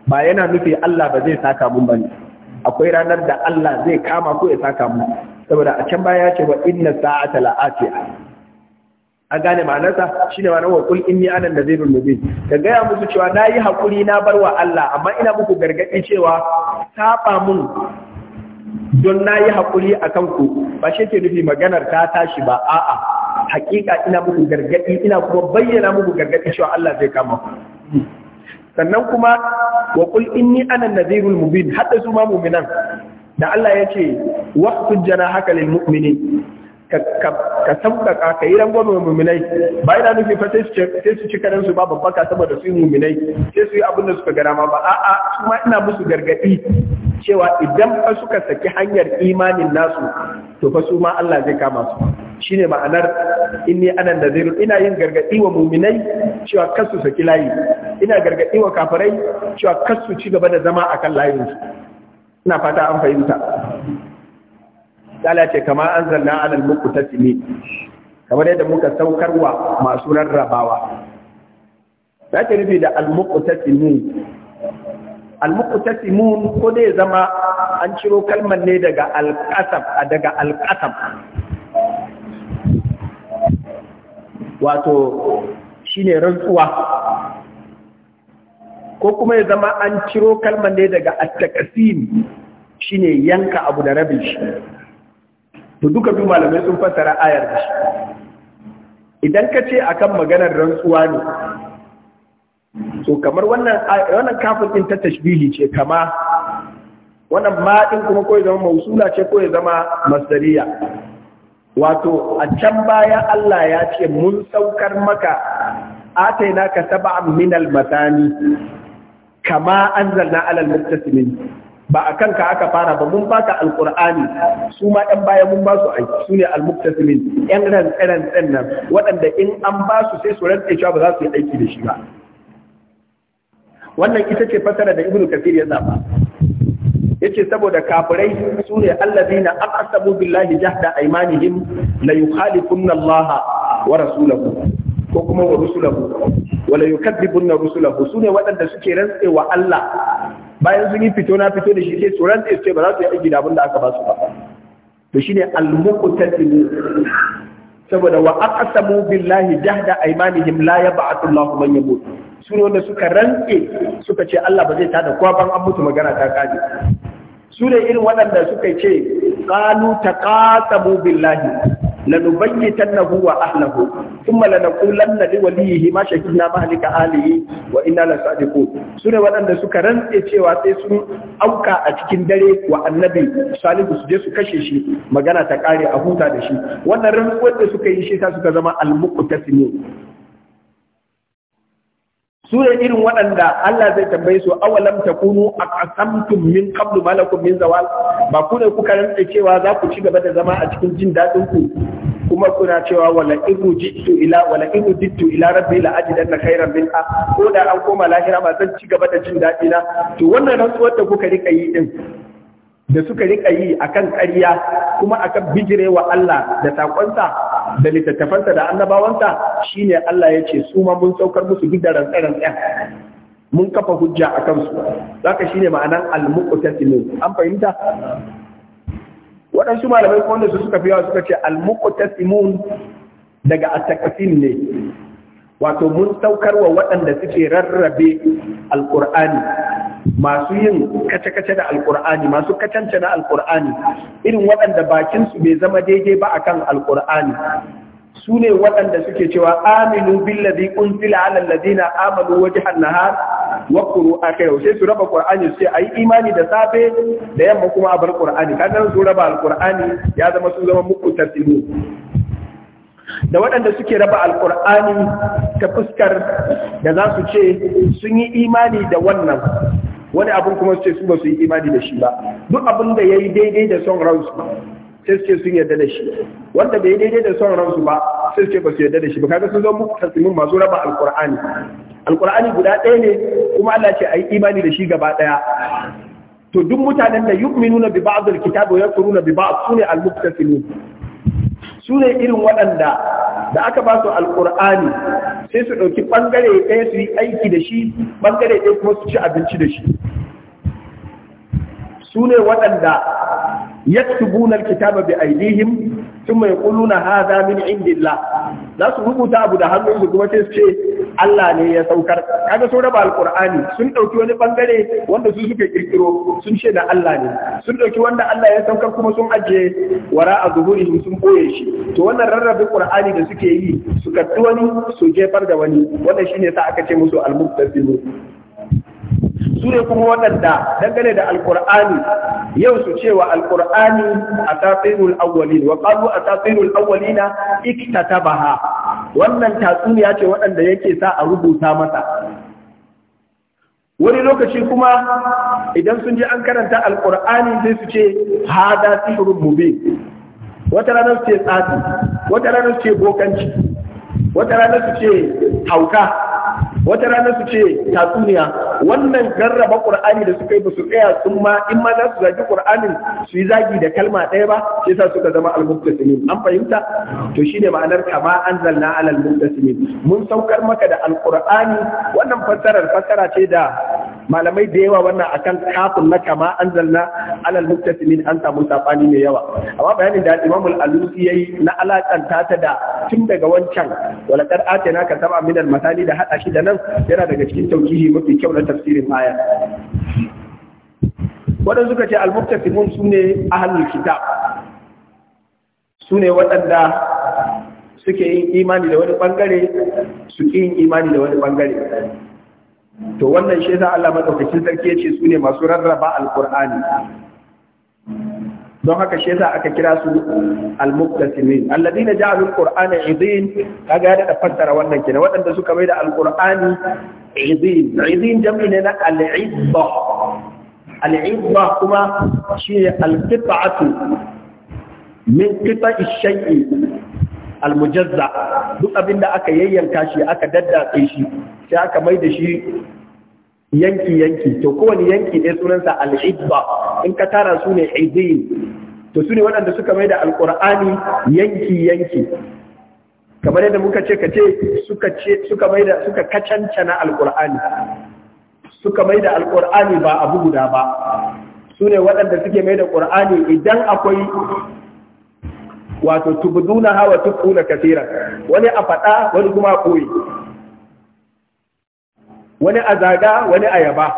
ba yana nufi Allah ba zai saka mun ne. akwai ranar da Allah zai kama ko ya saka mun saboda a can baya ya ce wa inna sa'ata la'atiya an gane ma'anarsa shine ma nawa kul inni ana nazirul ka gaya musu cewa na yi haƙuri na bar wa Allah amma ina muku gargaɗi cewa saba mun don na yi haƙuri a kanku ba shi ke nufi maganar ta tashi ba a'a hakika ina muku gargaɗi ina kuma bayyana muku gargaɗi cewa Allah zai kama ku sannan kuma wa qul inni ana nadhirul mubin hadda su ma mu'minan da Allah ya ce waqtu jana lil mu'minin ka sauƙaƙa ka yi wa muminai ba yana nufi fa sai su ci karen su ba babbaka saboda su yi muminai sai su yi abin da suka gara ma ba a'a su ma ina musu gargaɗi cewa idan fa suka saki hanyar imanin nasu to fa su ma Allah zai kama su shine ma'anar inni anan nazir ina yin gargaɗi wa muminai cewa kar su saki layi ina gargaɗi wa kafirai cewa kar su ci gaba da zama akan layinsu ina fata an fahimta Allah ce kama anzalna alal muqtasimin kamar yadda muka saukarwa masu rarrabawa zaka nufi da al muqtasimin al muqtasimun ko dai zama an ciro kalmar ne daga al qasab daga al qasab wato shine rantsuwa ko kuma ya zama an ciro kalmar ne daga at-taqsim shine yanka abu da rabin shi to duka biyu malamai sun fassara ayar da shi idan ka ce akan maganar rantsuwa ne to kamar wannan kafin ɗin ta tashbihi ce kama wannan ma kuma ko ya zama mausula ce ko ya zama masariya wato a can baya Allah ya ce mun saukar maka atainaka saba'an minal matani kama anzalna alal mutasimin ba a kanka aka fara ba mun baka Alkur'ani su ma ɗan baya mun ba su aiki su ne almuktasimin yan ran ran nan waɗanda in an ba su sai su rantse cewa ba za su yi aiki da shi ba wannan ita ce fasara da ibnu kafir ya zaba yace saboda kafirai su ne allazina aqsamu billahi jahda aymanihim la yukhalifunna Allah wa rasulahu ko kuma wa rusulahu wa la yukadzibunna rusulahu su ne waɗanda suke rantsewa Allah bayan sun yi fito na fito da shi sai tsoron da su ce ba za su yi aiki da abin da aka ba su ba to ne al-muqtasimu saboda wa aqsamu billahi jahda aymanihim la yab'athu Allahu man yamut su wanda suka rantse suka ce Allah ba zai tada kowa ban an mutu magana ta kaje su ne irin waɗanda suka ce qalu taqasamu billahi wa kuma لنبيتنه واهله ثم لنقولن لوليه ما شهدنا مهلك اهله وانا لصادقون سوره wadanda suka rantse cewa sai sun auka a cikin dare wa annabi salihu su je su kashe shi magana ta kare a huta da shi wannan rantsuwar da suka yi shi ta suka zama al-muqtasimin su ne irin waɗanda Allah zai tambaye su awalam a aqsamtum min qablu malakum min zawal ba ku ne kuka rantsa cewa za ku ci gaba da zama a cikin jin daɗin ku kuma kuna cewa wala in jittu ila wala in jittu ila rabbi la ajidanna khairan a ko da an koma lahira ba zan ci gaba da jin daɗi na to wannan rantsuwar da kuka rika yi din da suka rika yi akan ƙarya kuma akan bijirewa Allah da saƙonsa da littattafansa da annabawansa ne Allah ya ce su ma mun saukar musu duk da rantsarantsa mun kafa hujja a kansu Za ka shi ne ma'anan al muqtasimu an fahimta waɗansu malamai wanda su suka fi yawa suka ce al muqtasimu daga at-taqsim ne wato mun saukar wa waɗanda suke rarrabe Al-Ƙur'ani? masu yin kace-kace da Al-Ƙur'ani, masu kacance na Al-Ƙur'ani, irin waɗanda bakinsu bai zama daidai ba akan Al-Ƙur'ani? su ne waɗanda suke cewa aminu kun fila ala Ladina, amanu waje, nahar wa quru akhirahu sai su raba qur'ani a yi imani da safe da yamma kuma a bar qur'ani kaga su raba alqur'ani ya zama su zama muku tasiru da waɗanda suke raba alqur'ani ta fuskar da za su ce sun yi imani da wannan wani abun kuma su ce su ba su yi imani da shi ba duk abin da yayi daidai da son ransu sai suke sun yarda da shi wanda bai daidai da son ransu ba sai suke ba su yarda da shi ba kaga sun zama muktasimin masu raba alqur'ani alqur'ani guda ɗaya ne kuma Allah ce ayi imani da shi gaba ɗaya to duk mutanen da yu'minuna bi ba'd alkitab wa yakfuruna bi ba'd sune almuktasimin sune irin waɗanda da aka ba su alqur'ani sai su ɗauki ɓangare ɗaya su yi aiki da shi ɓangare ɗaya kuma su ci abinci da shi su waɗanda yaktubuna alkitaba bi aydihim thumma yaquluna hadha min indillah za su rubuta abu da hannun su kuma sai su ce Allah ne ya saukar kaga su raba alqur'ani sun dauki wani bangare wanda su suka kirkiro sun ce da Allah ne sun dauki wanda Allah ya saukar kuma sun ajiye wara a zuhurihim sun boye shi to wannan rarrabe qur'ani da suke yi su kaddu wani su jefar da wani wannan shine sa aka ce musu al su ne kuma waɗanda dangane da Alƙur'ani, yau su wa alkur'ani a tafirul awwalin wa qalu a tafirul awwalina iktatabaha wannan tatsuniya ce waɗanda yake sa a rubuta masa wani lokaci kuma idan sun ji an karanta Alƙur'ani sai su ce hada sihrun mube wata ranar su ce tsafi wata ranar su ce bokanci wata ranar su ce hauka wata rana su ce tatsuniya wannan garraba qur'ani da suka yi su tsaya sun ma in ma za su zagi qur'anin su yi zagi da kalma ɗaya ba sai sa suka zama al-muqtasimin an fahimta to shine ma'anar kama anzalna alal muqtasimin mun saukar maka da al-qur'ani wannan fassarar fassara ce da malamai da yawa wannan akan kafin na kama anzalna alal muktasimin an samu sabani mai yawa amma bayanin da imamu al-Alusi yayi na alakanta ta da tun daga wancan walakar qad atina ka sab'a min al-masali da hada shi da nan yana daga cikin tauhihi mafi kyau na tafsirin aya wadanda suka ce al-muktasimun sune ahlul kitab sune waɗanda suke yin imani da wani bangare su yin imani da wani bangare to wannan shi yasa Allah madaukakin sarki ya su ne masu rarraba alqur'ani don haka shi yasa aka kira su al-muqtasimin alladina ja'alul qur'ana idin kaga da da fassara wannan kina waɗanda suka bai da al-qur'ani idin idin jam'i ne na al-idda kuma shi al-qita'atu min qita'i shay'i almujazza duk abin da aka yayyanka shi aka daddatse shi sai aka mai da shi yanki yanki to kowane yanki ɗaya sunansa al'idba in ka tara su ne idin to su ne waɗanda suka mai da alƙur'ani yanki yanki kamar yadda muka ce kace suka ce suka mai da suka kacancana alƙur'ani suka mai da alƙur'ani ba abu guda ba su ne waɗanda suke mai da ƙur'ani idan akwai wato tubduna hawa tubuna kaseeran wani a fada wani kuma a koyi wani a zaga wani a yaba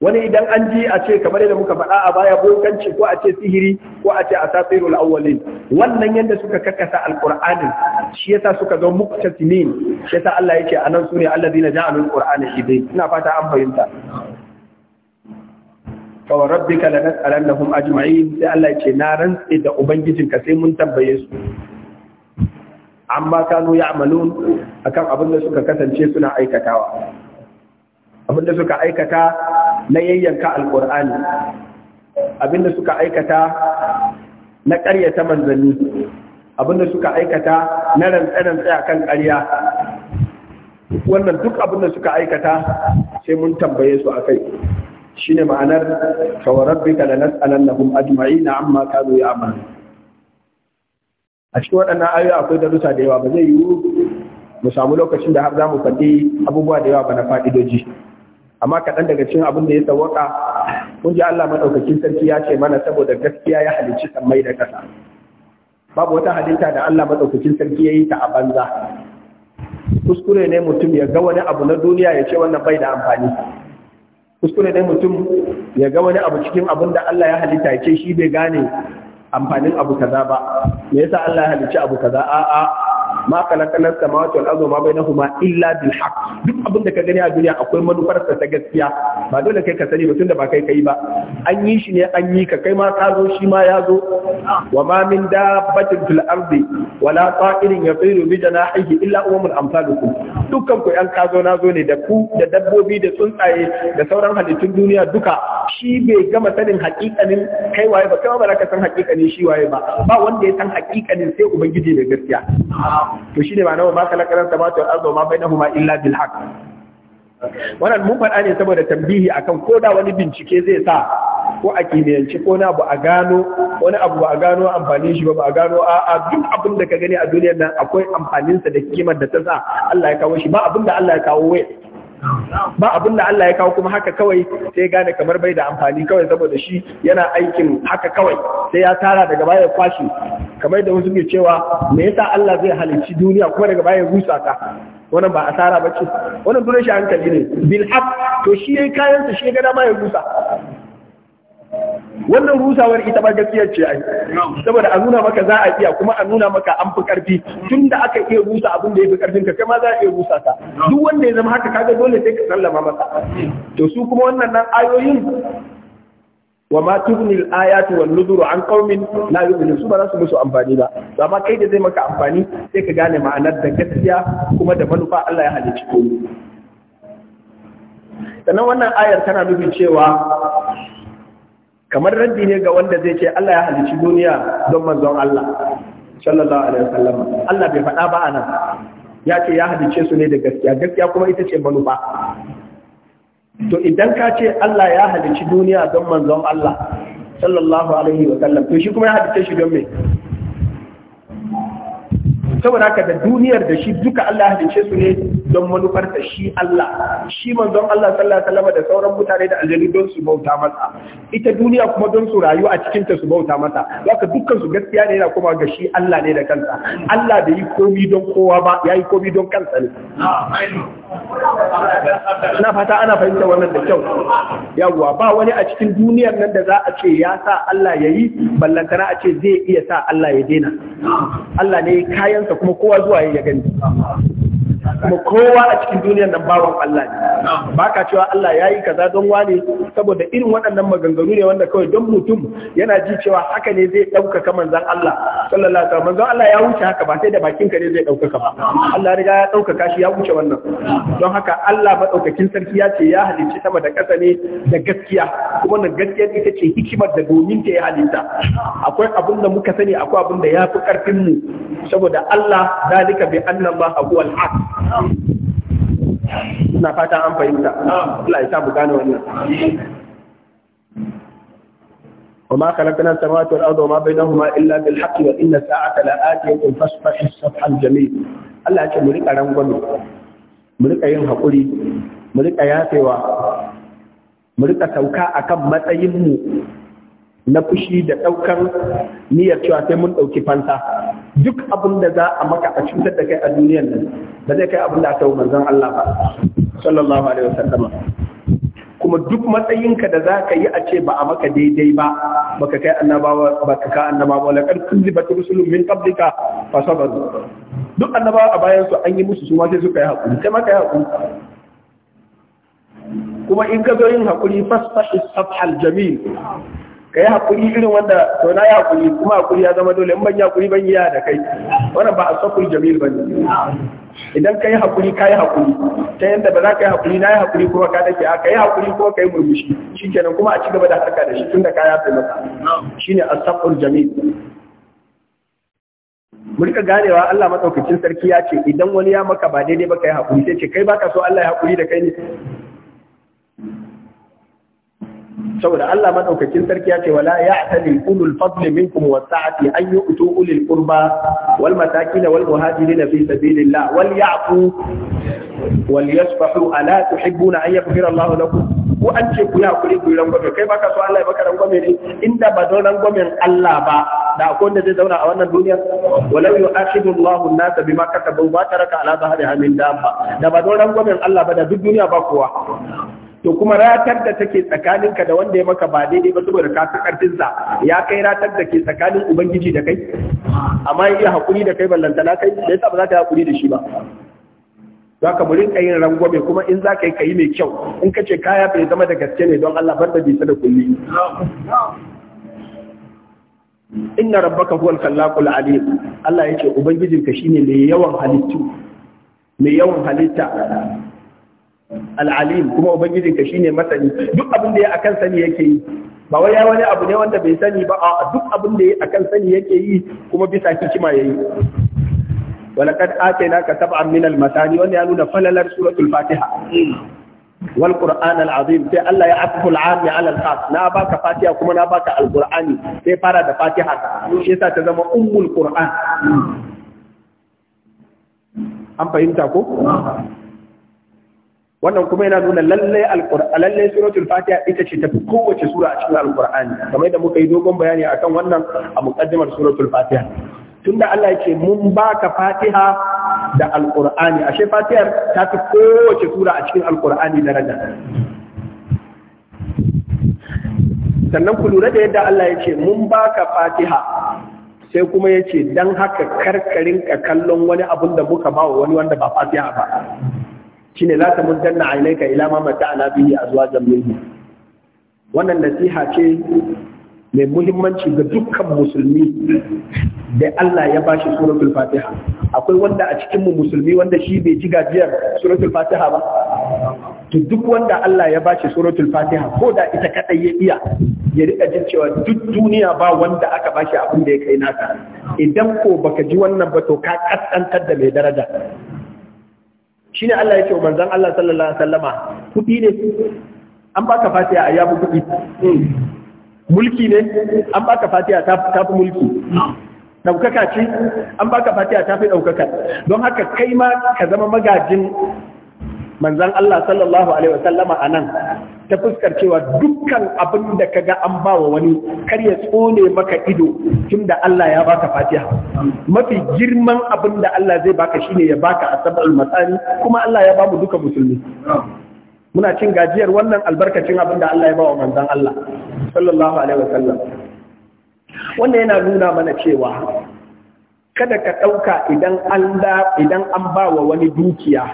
wani idan an ji a ce kamar yadda muka faɗa a baya bokanci ko a ce sihiri ko a ce asafirul awwalin wannan yadda suka kakkasa alqur'anin shi yasa suka zo muktasimin shi yasa Allah yake anan sune allazina ja'alul qur'ana shidai ina fata an fahimta fa rabbika lanas'alannahum ajma'in sai Allah ce na rantsi da ubangijinka sai mun tambaye su amma kanu ya'malun akan abin da suka kasance suna aikatawa abin da suka aikata na yayyanka alqur'ani abin da suka aikata na ƙaryata manzanni abin da suka aikata na rantsa-rantsa akan ƙarya wannan duk abin da suka aikata sai mun tambaye su akai Shi ne ma'anar fa wa kuma lanas'alannahum na amma kanu ya'malun a cikin waɗannan ayoyi akwai darussa da yawa ba zai yiwu mu samu lokacin da har za mu faɗi abubuwa da yawa ba na faɗi fa'idoji amma kaɗan daga cikin abin da ya tsawaka kun ji Allah maɗaukakin sarki ya ce mana saboda gaskiya ya halicci sammai da ƙasa babu wata halitta da Allah maɗaukakin sarki ya yi ta a banza kuskure ne mutum ya ga wani abu na duniya ya ce wannan bai da amfani kuskure ne mutum ya ga wani abu cikin abin da Allah ya halitta ya ce shi bai gane amfanin abu kaza ba me yasa Allah ya halicci abu kaza a'a ma kalakalar samawati wal ardu ma bainahuma illa bil haqq duk abin da ka gani a duniya akwai manufar sa ta gaskiya ba dole kai ka sani ba tunda ba kai kai ba an yi shi ne an yi ka kai ma ka zo shi ma ya zo wa ma min dabbatin fil ardi wala ta'irin yatiru bi janahihi illa umamul amsalukum dukkan ku yan kazo na zo ne da ku da dabbobi da tsuntsaye da sauran halittun duniya duka shi bai gama sanin hakikanin kai waye ba kai ba za ka san hakikanin shi waye ba ba wanda ya san hakikanin sai ubangiji mai gaskiya to shi ne ma nawa ma kalakaran samatu wal ardu ma huma illa bil haqq wannan mun faɗa ne saboda tambihi akan ko da wani bincike zai sa ko a kimiyyance ko na ba a gano wani abu ba a gano amfanin shi ba ba a gano a duk abin da ka gani a duniyar nan akwai amfaninsa da kimar da ta sa Allah ya kawo shi ba abin da Allah ya kawo wai ba abin da Allah ya kawo kuma haka kawai sai gane kamar bai da amfani kawai saboda shi yana aikin haka kawai sai ya tara daga baya kwashi kamar da wasu ke cewa me yasa Allah zai halicci duniya kuma daga baya ya rusa ta wannan ba asara bace wannan dole shi hankali ne bil haq to shi yayi kayan sa shi ga dama ya rusa wannan rusawar ita ba gaskiyar ce ai saboda a nuna maka za a iya kuma a nuna maka an fi karfi tun da aka iya rusa abin da ya fi karfin ka kai ma za a iya rusa ta duk wanda ya zama haka kaga dole sai ka sallama masa to su kuma wannan nan ayoyin wa ma tubnil ayatu wan nuduru an qaumin la yu'minun su ba za su musu amfani ba to amma kai da zai maka amfani sai ka gane ma'anar da gaskiya kuma da manufa Allah ya halicci komai sannan wannan ayar tana nufin cewa kamar raddi ne ga wanda zai ce Allah ya halici duniya don manzon Allah sallallahu alaihi wasallam Allah bai faɗa ba anan ya ce ya halice su ne da gaskiya gaskiya kuma ita ce manufa to idan ka ce Allah ya halici duniya don manzon Allah sallallahu alaihi wasallam to shi kuma ya halice shi don me saboda haka da duniyar da shi duka Allah halice su ne don manufar ta shi Allah shi manzon Allah sallallahu alaihi wasallam da sauran mutane da aljanu don su bauta masa ita duniya kuma don su rayu a cikin ta su bauta masa haka dukkan su gaskiya ne yana kuma ga shi Allah ne da kansa Allah bai yi komi don kowa ba yayi komi don kansa ne na fata ana fahimta wannan da kyau yawwa ba wani a cikin duniyar nan da za a ce ya sa Allah ya yi ballantana a ce zai iya sa Allah ya dena Allah ne kayansa kuma kowa zuwa ya gani kuma kowa a cikin duniyar nan bawan Allah ne ba ka cewa Allah ya yi kaza don wane saboda irin waɗannan maganganu ne wanda kawai don mutum yana ji cewa haka ne zai ɗaukaka manzan Allah sallallahu alaihi wasallam manzan Allah ya wuce haka ba sai da bakin ka ne zai ɗaukaka ba Allah riga ya ɗaukaka shi ya wuce wannan don haka Allah maɗaukakin sarki ya ce ya halicci sama da ƙasa ne da gaskiya kuma wannan gaskiyar ita ce hikimar da domin ta ya halitta akwai abin da muka sani akwai abin da ya fi ƙarfin mu saboda Allah zalika bi annallaha huwal haq na fata an fahimta Allah ya sa mu gane wannan وما خلقنا السماوات والارض وما بينهما الا بالحق وان الساعه لاتيه فاصفح الصفح الجميل Allah ya ce mu rika rangwame mu rika yin hakuri mu rika yafewa mu rika sauka akan matsayin mu na fushi da ɗaukar niyyar cewa sai mun ɗauki fansa duk abin da za a maka a cutar da kai a duniyar nan ba zai kai abin da aka yi manzon Allah ba sallallahu alaihi wasallam kuma duk matsayinka da za ka yi a ce ba a maka daidai ba baka kai annabawa baka ka annabawa la kad kuzibat rusulun min qablika fa sabaru duk annabawa a bayan su an yi musu su ma sai suka yi hakuri sai maka yi hakuri kuma in ka zo yin hakuri fasahi safhal jamil ka yi hakuri irin wanda to na yi hakuri kuma hakuri ya zama dole in ban yi hakuri ban yi ya da kai wannan ba a sakul jamil ba ne idan ka yi hakuri ka yi hakuri ta yadda ba za ka yi hakuri na yi hakuri kuma ka dake ka yi hakuri kuma ka yi murmushi shikenan kuma a ci gaba da harka da shi da ka ya fi masa shine as-saqul jamil Murka ganewa Allah madaukakin sarki ya ce idan wani ya maka ba daidai ba kai hakuri sai ce kai baka so Allah ya hakuri da kai ne saboda Allah madaukakin sarki ya ce wala ya'tali ulul fadli minkum wasa'ati an yu'tu ulil qurba wal masakin wal muhajirin fi sabilillah wal ya'fu wal yasfahu ala tuhibbuna an yaghfira Allah lakum ko an ce ku ya kuri ku rangwame kai baka so Allah ya baka rangwame ne inda ba don rangwamen Allah ba da akwai wanda zai zauna a wannan duniyar walau yu'akhidu Allahu an-nasa bima katabu ba ta taraka ala zahriha min dabba da ba don rangwamen Allah ba da duk duniya ba kowa to kuma ratar da take tsakaninka da wanda ya maka ba daidai ba saboda ka fi karfinsa ya kai ratar da ke tsakanin ubangiji da kai amma ya iya hakuri da kai na kai da yasa ba za ta hakuri da shi ba za ka murin yin rangwame kuma in za ka yi kayi mai kyau in ka ce kaya bai zama da gaske ne don Allah bar da bisa da kulli inna rabbaka huwal khallaqul alim Allah yace ubangijinka shine mai yawan halittu mai yawan halitta al'alim kuma ubangiji ka shine masani duk abin da ya akan sani yake yi ba wai ya wani abu ne wanda bai sani ba a duk abin da ya akan sani yake yi kuma bisa hikima yayi atayna ka sab'an min al-masani wanda ya nuna falalar suratul fatiha wal qur'an al-azim sai Allah ya afu al ya ala al-khas na baka fatiha kuma na baka al-qur'ani sai fara da fatiha shi yasa ta zama ummul qur'an an fahimta ko wannan kuma yana nuna lalle alqur'an lalle suratul fatiha ita ce tafi kowace sura a cikin alqur'ani kamar da muka yi dogon bayani akan wannan a muqaddimar suratul fatiha tunda Allah ya mun baka fatiha da alqur'ani ashe fatihar ta fi kowace sura a cikin alqur'ani daraja sannan ku lura da yadda Allah ya ce mun baka fatiha sai kuma yace dan haka karkarin ka kallon wani abun da muka bawa wani wanda ba fatiha ba shine la tamuddanna aynaka ila ma mata'na a zuwa minhu wannan nasiha ce mai muhimmanci ga dukkan musulmi da Allah ya bashi suratul Fatiha akwai wanda a cikinmu musulmi wanda shi bai ji gajiyar suratul Fatiha ba to duk wanda Allah ya bashi suratul Fatiha ko da ita kadai ya iya ya rika jin cewa duk duniya ba wanda aka bashi abin da ya kai naka idan ko baka ji wannan ba to ka kaskantar da mai daraja ne Allah ce wa manzan Allah sallallahu alaihi wasallama kudi ne an baka fatiha a yabu kudi mulki ne an baka fatiha ta fi mulki daukaka ce an baka fatiha ta fi daukaka don haka kai ma ka zama magajin manzan Allah sallallahu alaihi wasallama anan ta fuskar cewa dukkan abin da ka ga an bawa wani kar ya tsone maka ido tun da Allah ya baka Fatiha mafi girman abin da Allah zai baka shine ya baka al matsani kuma Allah ya bamu duka musulmi muna cin gajiyar wannan albarkacin abin da Allah ya bawa manzon Allah sallallahu alaihi wasallam wannan yana nuna mana cewa kada ka ɗauka idan an ba wa wani dukiya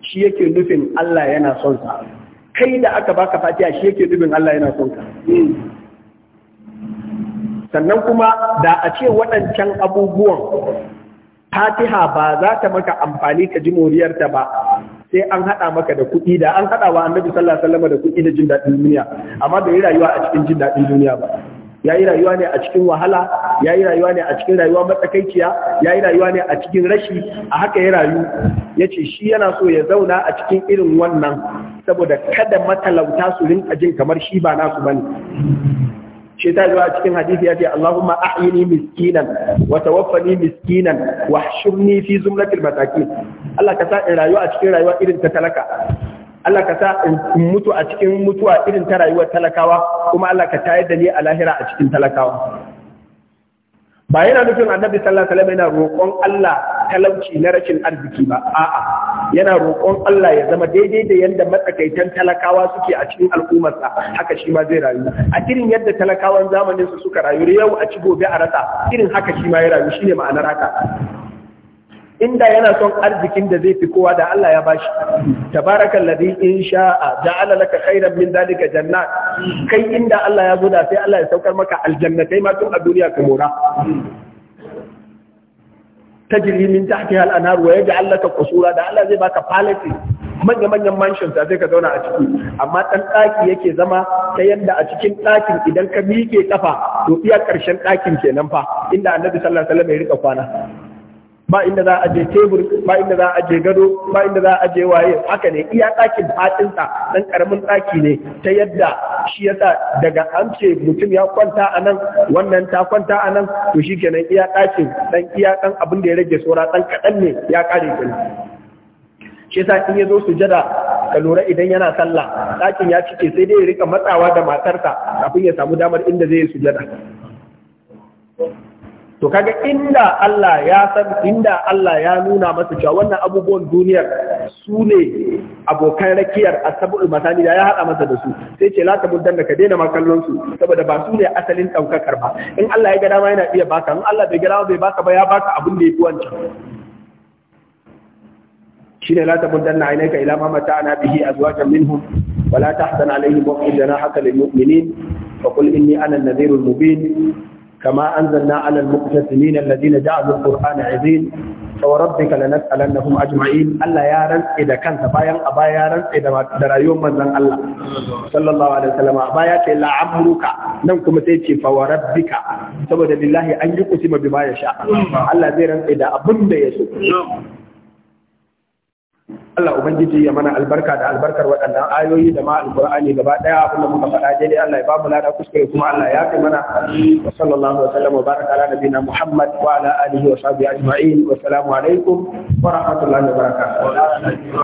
shi yake nufin Allah yana son sa kai da aka baka fatiha shi yake dubin Allah yana son ka sannan kuma da a ce waɗancan abubuwan fatiha ba za ta maka amfani ka ji moriyarta ba sai an haɗa maka da kuɗi da an haɗa wa annabi sallallahu alaihi wasallam da kuɗi da jin daɗin duniya amma bai rayuwa a cikin jin daɗin duniya ba ya yi rayuwa ne a cikin wahala ya yi rayuwa ne a cikin rayuwa matsakaiciya ya yi rayuwa ne a cikin rashi a haka ya rayu ya ce shi yana so ya zauna a cikin irin wannan saboda kada matalauta su rinka jin kamar shi ba nasu bane shi ta zuwa cikin hadisi ya ce Allahumma ahyini miskinan wa tawaffani miskinan wa ni fi zumratil mataki. Allah ka sa in rayuwa a cikin rayuwa irin ta talaka Allah ka sa in mutu a cikin mutuwa irin ta rayuwar talakawa kuma Allah ka tayar da ni a lahira a cikin talakawa ba yana nufin annabi sallallahu alaihi yana roƙon Allah talauci na rashin arziki ba a'a yana roƙon Allah ya zama daidai da yadda matsakaitan talakawa suke a cikin al'ummarsa haka shi ma zai rayu a irin yadda talakawan zamanin su suka rayu yau a ci gobe a rasa irin haka shi ma ya rayu shine ma'anar haka inda yana son arzikin da zai fi kowa da Allah ya bashi tabarakal ladhi in sha'a ja'ala laka khairan min dhalika jannat kai inda Allah ya zo sai Allah ya saukar maka aljannatai ma tun a duniya ka mora tajri min tahtiha al-anhar wa yaj'al laka qusura da Allah zai baka palace manya manyan mansions da zai ka zauna a ciki amma dan daki yake zama ta yanda a cikin dakin idan ka mike kafa to iya karshen dakin kenan fa inda Annabi sallallahu alaihi wasallam ya rika kwana ba inda za a je tebur ba inda za a je gado ba inda za a je waye haka ne iya ɗakin fatinsa ɗan ƙaramin ɗaki ne ta yadda shi yasa daga an mutum ya kwanta a nan wannan ta kwanta a nan to shi kenan iya ɗakin ɗan iya ɗan abin da ya rage saura ɗan kaɗan ne ya ƙare gani shi yasa in ya zo sujada ka lura idan yana sallah ɗakin ya cike sai dai ya rika matsawa da matarsa kafin ya samu damar inda zai yi sujada to kaga inda Allah ya san inda Allah ya nuna masa cewa wannan abubuwan duniyar su ne abokan rakiyar asabul matani da ya hada masa da su sai ce la ta buddan ka daina ma kallon su saboda ba su ne asalin daukakar ba in Allah ya ga dama yana iya baka in Allah bai ga dama bai baka ba ya baka abin da yafi wancan shine la ta buddan ainaka ila ma ana bihi azwajan minhum ولا تحزن lil mu'minin جناحك qul inni ana an-nadhirul mubin كما أنزلنا على المقتسمين الذين جعلوا القرآن عظيم فوربك لنسألنهم أجمعين ألا يارا إذا كان سبايا أبا يارا إذا درى يوم من الله صلى الله عليه وسلم أبا يارا إلا عمرك نمكم تيتي فوربك سبب لله أن يقسم بما يشاء ألا زيرا إذا أبن يسوع Allah ubangiji ya mana albarka da albarkar waɗannan ayoyi da ma alqur'ani gaba ɗaya abin da muka faɗa daidai Allah ya ba mu lada kuskure kuma Allah ya kai mana wa sallallahu wa sallam wa baraka ala nabiyina Muhammad wa ala alihi wa sahbihi ajma'in wa assalamu alaikum wa rahmatullahi wa barakatuh